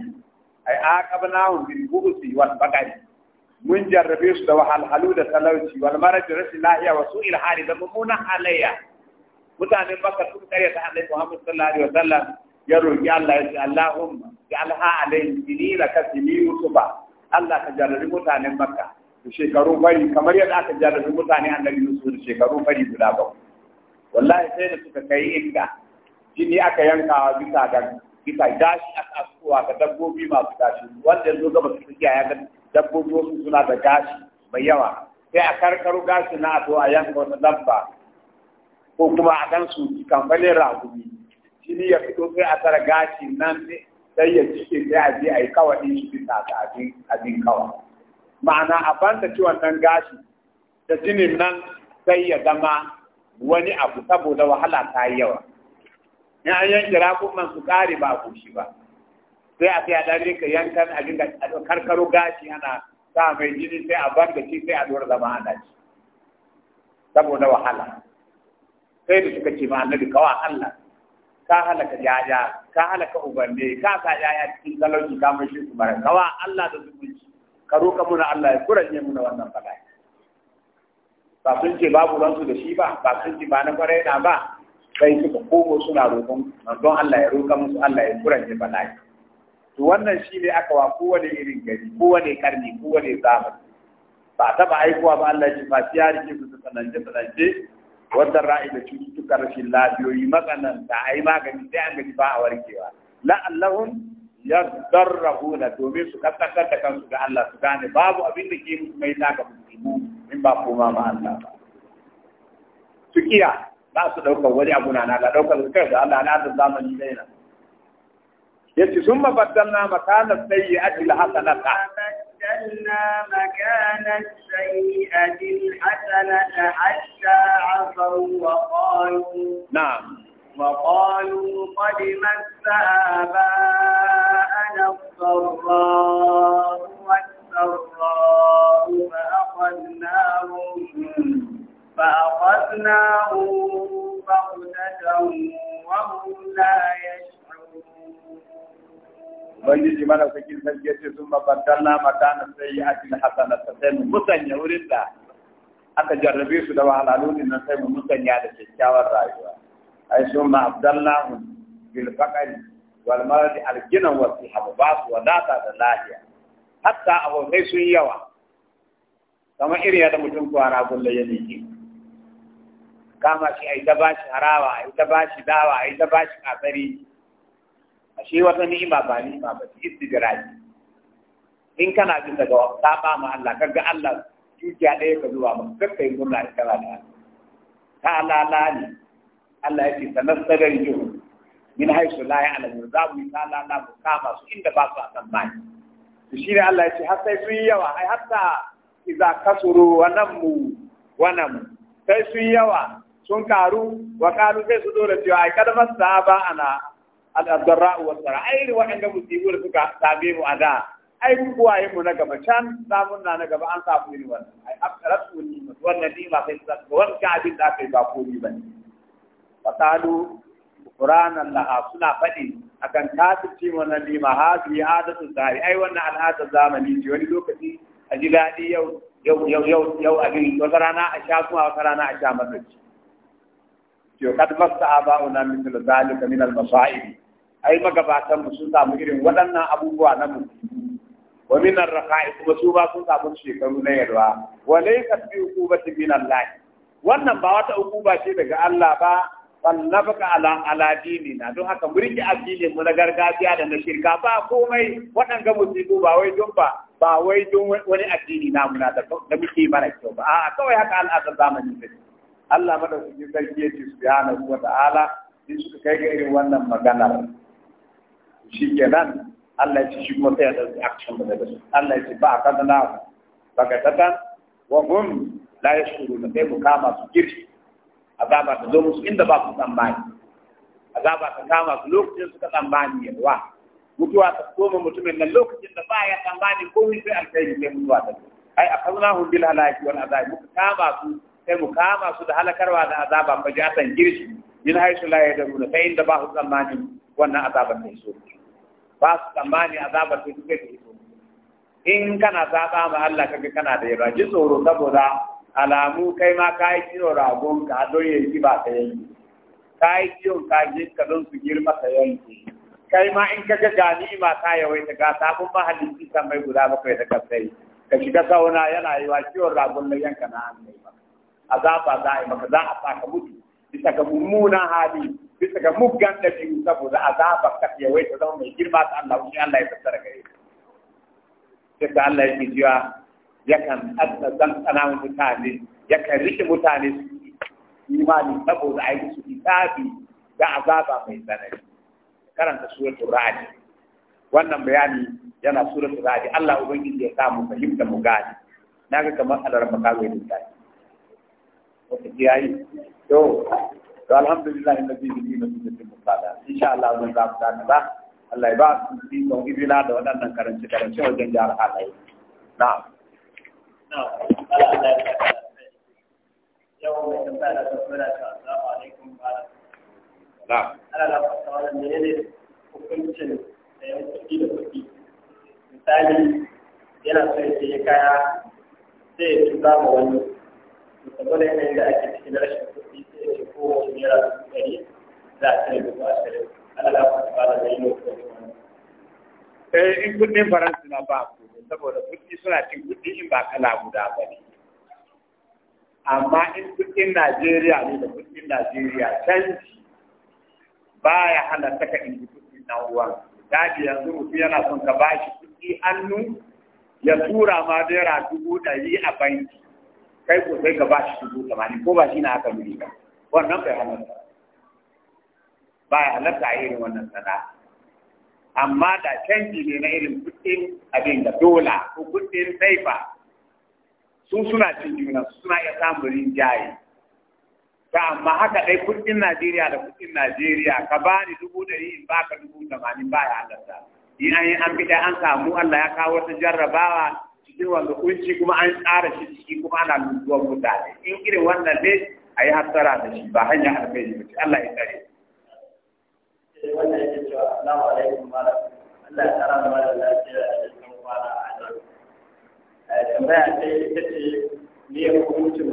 ai aqabnahum bil bughsi wal bagari mun jarrabe su da wahalhalu da talauci wal marad rashin lahiya wasu su'il hali da mummunan halayya mutanen baka sun kare ta Allah Muhammad sallallahu alaihi wasallam ya roki Allah ya ce Allahumma ja'alha alayhi dinila ka Yusufa Allah ka jarrabe mutanen baka da shekaru bari kamar yadda aka jarrabe mutane Annabi Yusuf da shekaru bari guda ba wallahi sai da suka kai inda jini aka yankawa bisa ga bisa gashi aka afkowa ga dabbobi masu gashi wanda yanzu gaba su kiyaye ga dabbobi wasu suna da gashi mai yawa sai a karkaro gashi na ato a yanka wata dabba ko kuma a kan su kamfanin ragumi shi ne ya fito sai a tara gashi nan sai ya cike sai a je a yi kawai shi bisa ta abin kawa ma'ana a banta ciwon nan gashi da jinin nan sai ya zama wani abu saboda wahala ta yi yawa in an yanke rakuman su kare ba a shi ba sai a sai a dan rinka yankan a dinga karkaro gashi ana sa mai jini sai a da shi sai a dora zama ana ci saboda wahala sai da suka ce ma annabi kawa Allah ka halaka yaya ka halaka ubanne ka sa yaya cikin talauci ka mai shi kuma kawa Allah da zumunci ka roƙa muna Allah ya kuranye muna wannan faɗa ba sun ce babu ransu da shi ba ba sun ce ba na kwarai na ba sai suka kogo suna roƙon don Allah ya roƙa musu Allah ya kuranye bala'i to wannan shi ne aka wa kowane irin gari kowane karni kowane zamani ba taba aikuwa ba Allah shi masu yari ke su sanance tsanance wanda ra'i da cututtukan rashin lafiyoyi matsananta a yi magani sai an gani ba a warkewa la'allahun na domin su kaskantar da kansu ga Allah su gane babu abin da ke musu mai taka musulmi in ba koma ma Allah ba su kiya ba su ɗaukar wani abu na na ɗaukar kai da Allah na da zamani dai na yace ثم بدلنا مكان السيئة الحسنة بدلنا مكان السيئة الحسنة حتى عفوا وقالوا نعم وقالوا قد مس آباءنا الضراء والسراء فأخذناهم فأخذناهم بغتة وهم لا يشعرون ubangiji mana kukin sarki ya ce sun mabaddalla makana sai a cikin hasana ta sai mu musanya wurin da aka jarrabe su da wahalalunin nan sai mu musanya da kyakkyawar rayuwa ai sun ma abdallahu bil faqri wal maradi al gina wa sihab ba su wadata da lahiya hatta abokai sun yawa kamar irin da mutum na gulle ya niki kama shi ai ta bashi harawa ai ta bashi dawa ai ta bashi kasari ashe wata ni'ima ba ni'ima ba ce istidraji in kana jin daga ba ma Allah kaga Allah dukiya ɗaya ka zuwa ba kai murna da kana da ta lala ne Allah ya ce sanassarar jihu min haisu la ya'lamu za mu ta lala mu kama su inda ba su a tsammani to shi ne Allah ya ce har sai sun yi yawa ai hatta iza kasuru wa namu wa namu sai sun yawa sun karu wa karu sai su dole cewa ai kada masaba ana al-adarra tsara, sara ai da waɗanda musibu da suka same mu a da ai kuwa kuwaye mu na gaba can samun na na gaba an samu ni wannan ai afkarat mu ni wannan ni ma sai ta wannan abin da kai ba ko ni bane fatalu qur'anan laha suna faɗi akan kafirci wannan ni ma hadhi adatu sari ai wannan al'adar zamani ce wani lokaci a ji daɗi yau yau yau yau abin wata rana a sha kuma wata rana a sha matsarci to kad masta aba'una da zalika min al-masa'ib ai magabatan mu sun samu irin waɗannan abubuwa na musu, wa min ar-raqa'i kuma su ba sun samu shekaru na yarwa wa laysa bi uqubati min Allah wannan ba wata ba ce daga Allah ba fallabaka ala ala na don haka murki addini mu na gargajiya da na shirka ba komai waɗanga musibu ba wai don ba ba wai don wani addini na na da muke mara kyau ba a'a kawai haka al'adar zamani ne Allah madaukakin sarki ya ce subhanahu wa ta'ala sai suka kai ga irin wannan maganar shi kenan Allah ya ce shi kuma sai ya dauki action da daga Allah ya ce ba a kada na tata wa hum la na sai buka kama su kirki azaba ta zo musu inda ba ku tsammani azaba ta kama su lokacin suka tsammani yalwa mutuwa ta koma mutumin nan lokacin da ba ya tsammani komai sai alkhairi sai mutuwa ta ai akhadnahum bil halaki wal azab muka kama su sai mu kama su da halakarwa da azaba fa jatan girshi min haisu la yadaruna sai inda ba su tsammani wannan azaba ne so ba su tsammani azaba sai suka da so in kana zaba ma Allah kaga kana da yaba ji tsoro saboda alamu kai ma kai kiro ragon ka don ki ba ta yanki kai kiyon ka je ka don su girma ka yanki kai ma in kaga gani ma ka yawaita ga sabon ki kan mai guda bakwai da kasai ka shiga sauna yana yi wa ciwon ragon na yanka na hannu ba azaba za a yi maka za a saka mutu bisa ga mummunan hali bisa ga muggan biyu saboda azabar ka ya wai ta zama mai girma ta Allah wani Allah ya tattara gare ka sai ka Allah ya kan yakan zan tsana mutane ya kan rike mutane su imani saboda a yi musu hisabi da azaba mai tsanani karanta suratul ra'adi, wannan bayani yana suratul ra'adi, Allah ubangiji ya samu fahimta mu na naga kamar alarma kawai da wata kiyaye to to alhamdulillah inda zai yi na cikin musada insha Allah mun za mu ta ba Allah ya ba su ci don izina da da hukuncin da ya da yana so ya kaya sai ya saboda yanayin da ake cikin rashin kuɗi sai ya ce ko wani naira dubu ɗari za a cire dubu ashirin Allah ya kuma ba da zai yi eh in kuɗin faransa na ba ku saboda kuɗi suna cin kuɗi in ba kala guda ba ne amma in kuɗin Najeriya ne da kuɗin Najeriya canji ba ya hana saka in inji kuɗin na uwa. Daji yanzu mutum yana son ka bashi kuɗi hannu ya tura ma naira dubu ɗari a banki. kai ko sai ka ba shi dubu tamanin ko ba shi na aka muni ba wannan bai halatta ba ya halatta a irin wannan sana'a amma da canji ne na irin kuɗin abin da dola ko kuɗin saifa su suna cin juna suna iya samun rinjaye ta amma haka dai kuɗin Najeriya da kuɗin Najeriya ka ba ni dubu ɗari in ba ka dubu tamanin ba ya halatta in an yi an bi an samu Allah ya kawo wata jarrabawa sai wanda kunci kuma an tsara shi ciki kuma ana lulluwar mutane in irin wannan ne a yi hatsara da shi ba hanyar alkhairi mutu Allah ya tsare. ya tsara da a nan. Eh, tambaya ta ita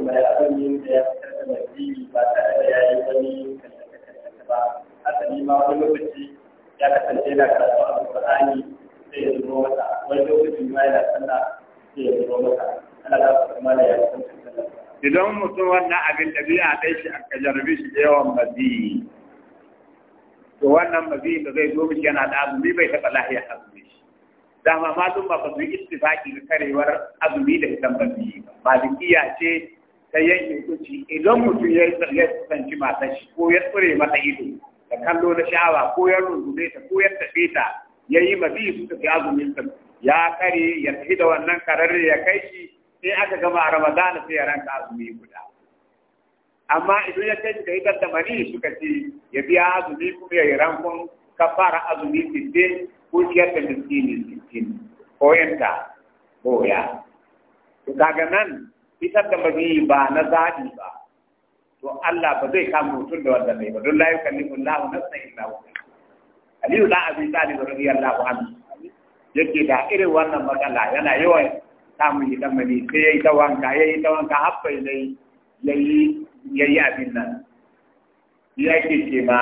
mai da ya ba tare da ya yi ba. Asali ma ya kasance na karatu a sai ya wata wani lokacin ma yana sallah idan mutum wannan abin da biya ɗai shi aka jarabi shi da yawan mazi to wannan mazi da zai zo miki yana da azumi bai taɓa lahiyar azumi shi dama malum ba ba su yi istifaki da karewar azumi da fitan mazi ba malikiya ce ta yanke kuci idan mutum ya yi sanci matar shi ko ya tsure mata ido da kallo na sha'awa ko ya rungume ta ko ya tafe ta ya yi mazi su tafi azumin sa ya kare ya fi da wannan kararre ya kai shi sai aka gama a Ramadan sai ya ranka azumi guda amma idan ya kai shi da idar da mani suka ce ya biya azumi kuma ya yi rankon kafara azumi sittin ko ciyar da miskini sittin ko yanta boya to kaga nan fitar da mani ba na zaɓi ba to Allah ba zai kama mutum da wanda mai ba don layukan nufin Allahu na illa wusaha Aliyu la abi talib radiyallahu anhu yake da irin wannan matsala yana yawan samun idan mani sai ya yi ta wanka ya yi ta wanka haɓɓa ya yi abin nan ya ke ce ma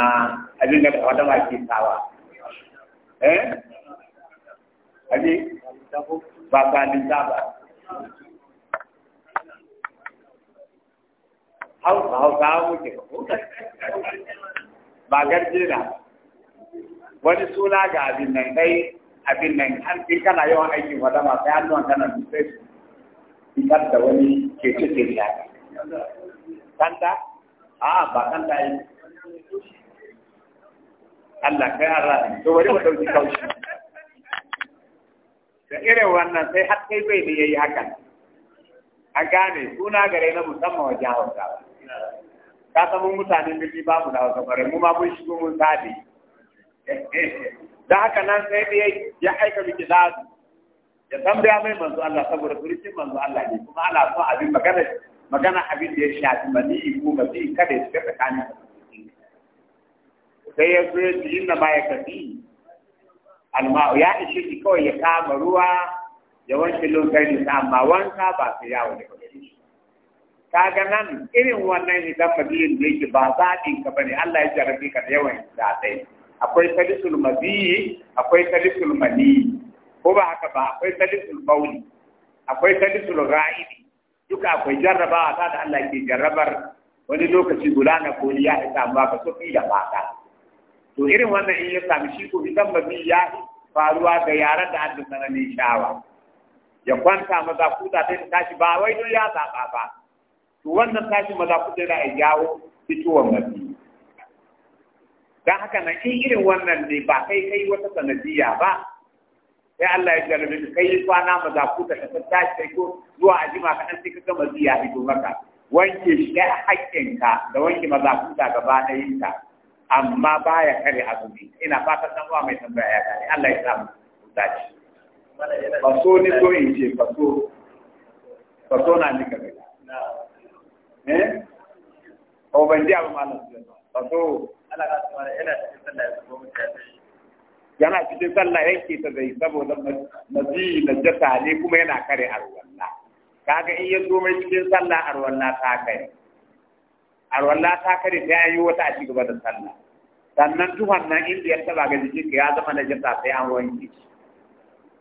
abin da wata ma ke sawa eh abi ba ba din ta ba hau hau ta muke ba garje na wani suna ga abin nan kai abin nan an in kana yawan aikin wadama sai hannuwan kana dutse su fitar da wani cece ce ya kanta a ba kanta yi Allah kai an rana to bari mu dauki kaushi da irin wannan sai har kai bai ya yi hakan a gane suna gare na musamman wajen hausawa ka san mutanen birni babu na hausa bare mu ma mun shigo mun sadi da haka nan sai da ya aika miki lazu ya tambaya mai manzo Allah saboda turkin manzo Allah ne kuma ana son abin magana magana abin da ya shafi mani ko mazi kada ya shiga tsakanin sai ya zo ya inna ma ya kafi alma ya ishi shi kawai ya kama ruwa ya wanke lokacin ta amma wanka ba su yawo ne kaga nan irin wannan idan madiyin da yake ba zaɗin ka bane Allah ya jarabe ka da yawan zaɗai akwai salisul maziyi akwai salisul mani ko ba haka ba akwai salisul bauli akwai salisul ra'idi duka akwai jarrabawa ta da Allah ke jarrabar wani lokaci na na ya isa ba ka so da fata to irin wannan in ya sami shi ko idan mazi ya faruwa ga yaran da adda sananin shawa ya kwanta maza kuta ta tashi ba wai don ya zaba ba to wannan tashi maza kuta yana jawo fitowar mazi don haka na in irin wannan ne ba kai kai wata sanadiyya ba sai Allah ya jarabe ka kai kwana ma za ku ta tashi kai ko zuwa ajima ka an sai ka gama ziya ido maka wanke shi da haƙƙinka da wanke ta gaba ɗayinka amma baya kare azumi ina fatan dan uwa mai tambaya ya kare Allah ya samu dace faso ne so in ce faso faso na nika gaba eh ko ban ji abu malam so Allah ka tsara yana cikin sallah ya zo mutane yana cikin sallah yanke ta zai saboda mazi na jasa ne kuma yana kare arwalla kaga in ya zo mai cikin sallah arwalla ta kare arwalla ta kare ta yi wata a cikin da sallah sannan duhan nan inda ya taba ga jikinka ya zama na jasa sai an wanke shi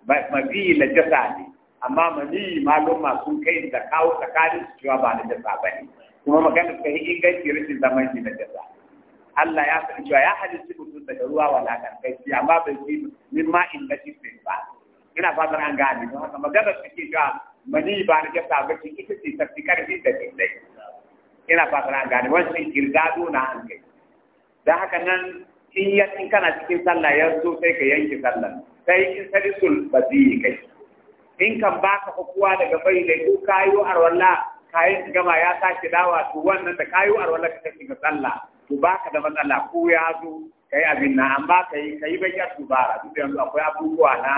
mazi na jasa ne amma mani malum masu kai da kawo tsakanin su cewa ba na jasa ba ne kuma magana ta yi inganci rashin zaman shi na jirga Allah ya san cewa ya halitta mutum daga ruwa wala kai amma bai fi min ma in gaji fi ba ina fatan an gane don haka magana ke cewa mani ba na jasa ba ce ita ce tafi karfi da dai ina fatan an gane wancan kirdado na an kai don haka nan in ya in kana cikin sallah ya zo sai ka yanke sallah sai in sarisul badi kai in kan baka hukuwa daga bai da ko kayo arwalla kayan gama ya sake dawa to wannan da kayo arwala ka tafi ga sallah to baka da matsala ko ya zo kai abin na amma kai kai bai ya dubara duk yanzu akwai abubuwa na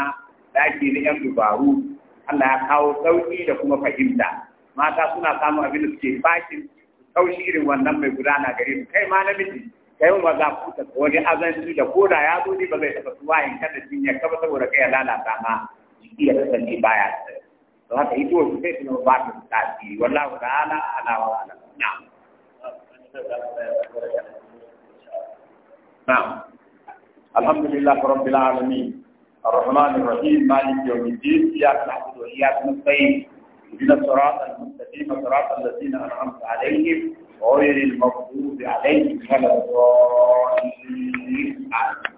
da ake na yan dubaru Allah ya kawo sauki da kuma fahimta mata suna samun abin da suke bakin kaushi irin wannan mai gudana gare su kai ma namiji kai maza za ku ta wani azanci da ko da ya zo ne ba zai taɓa suwayin kada jinya kaba saboda kai ya lalata ma jiki ya kasance baya don haka ita wasu sai suna الرحمن الرحيم مالك يوم الدين اياك نعبد واياك نستعين اهدنا الصراط المستقيم صراط الذين انعمت عليهم غير المغضوب عليهم ولا الضالين امين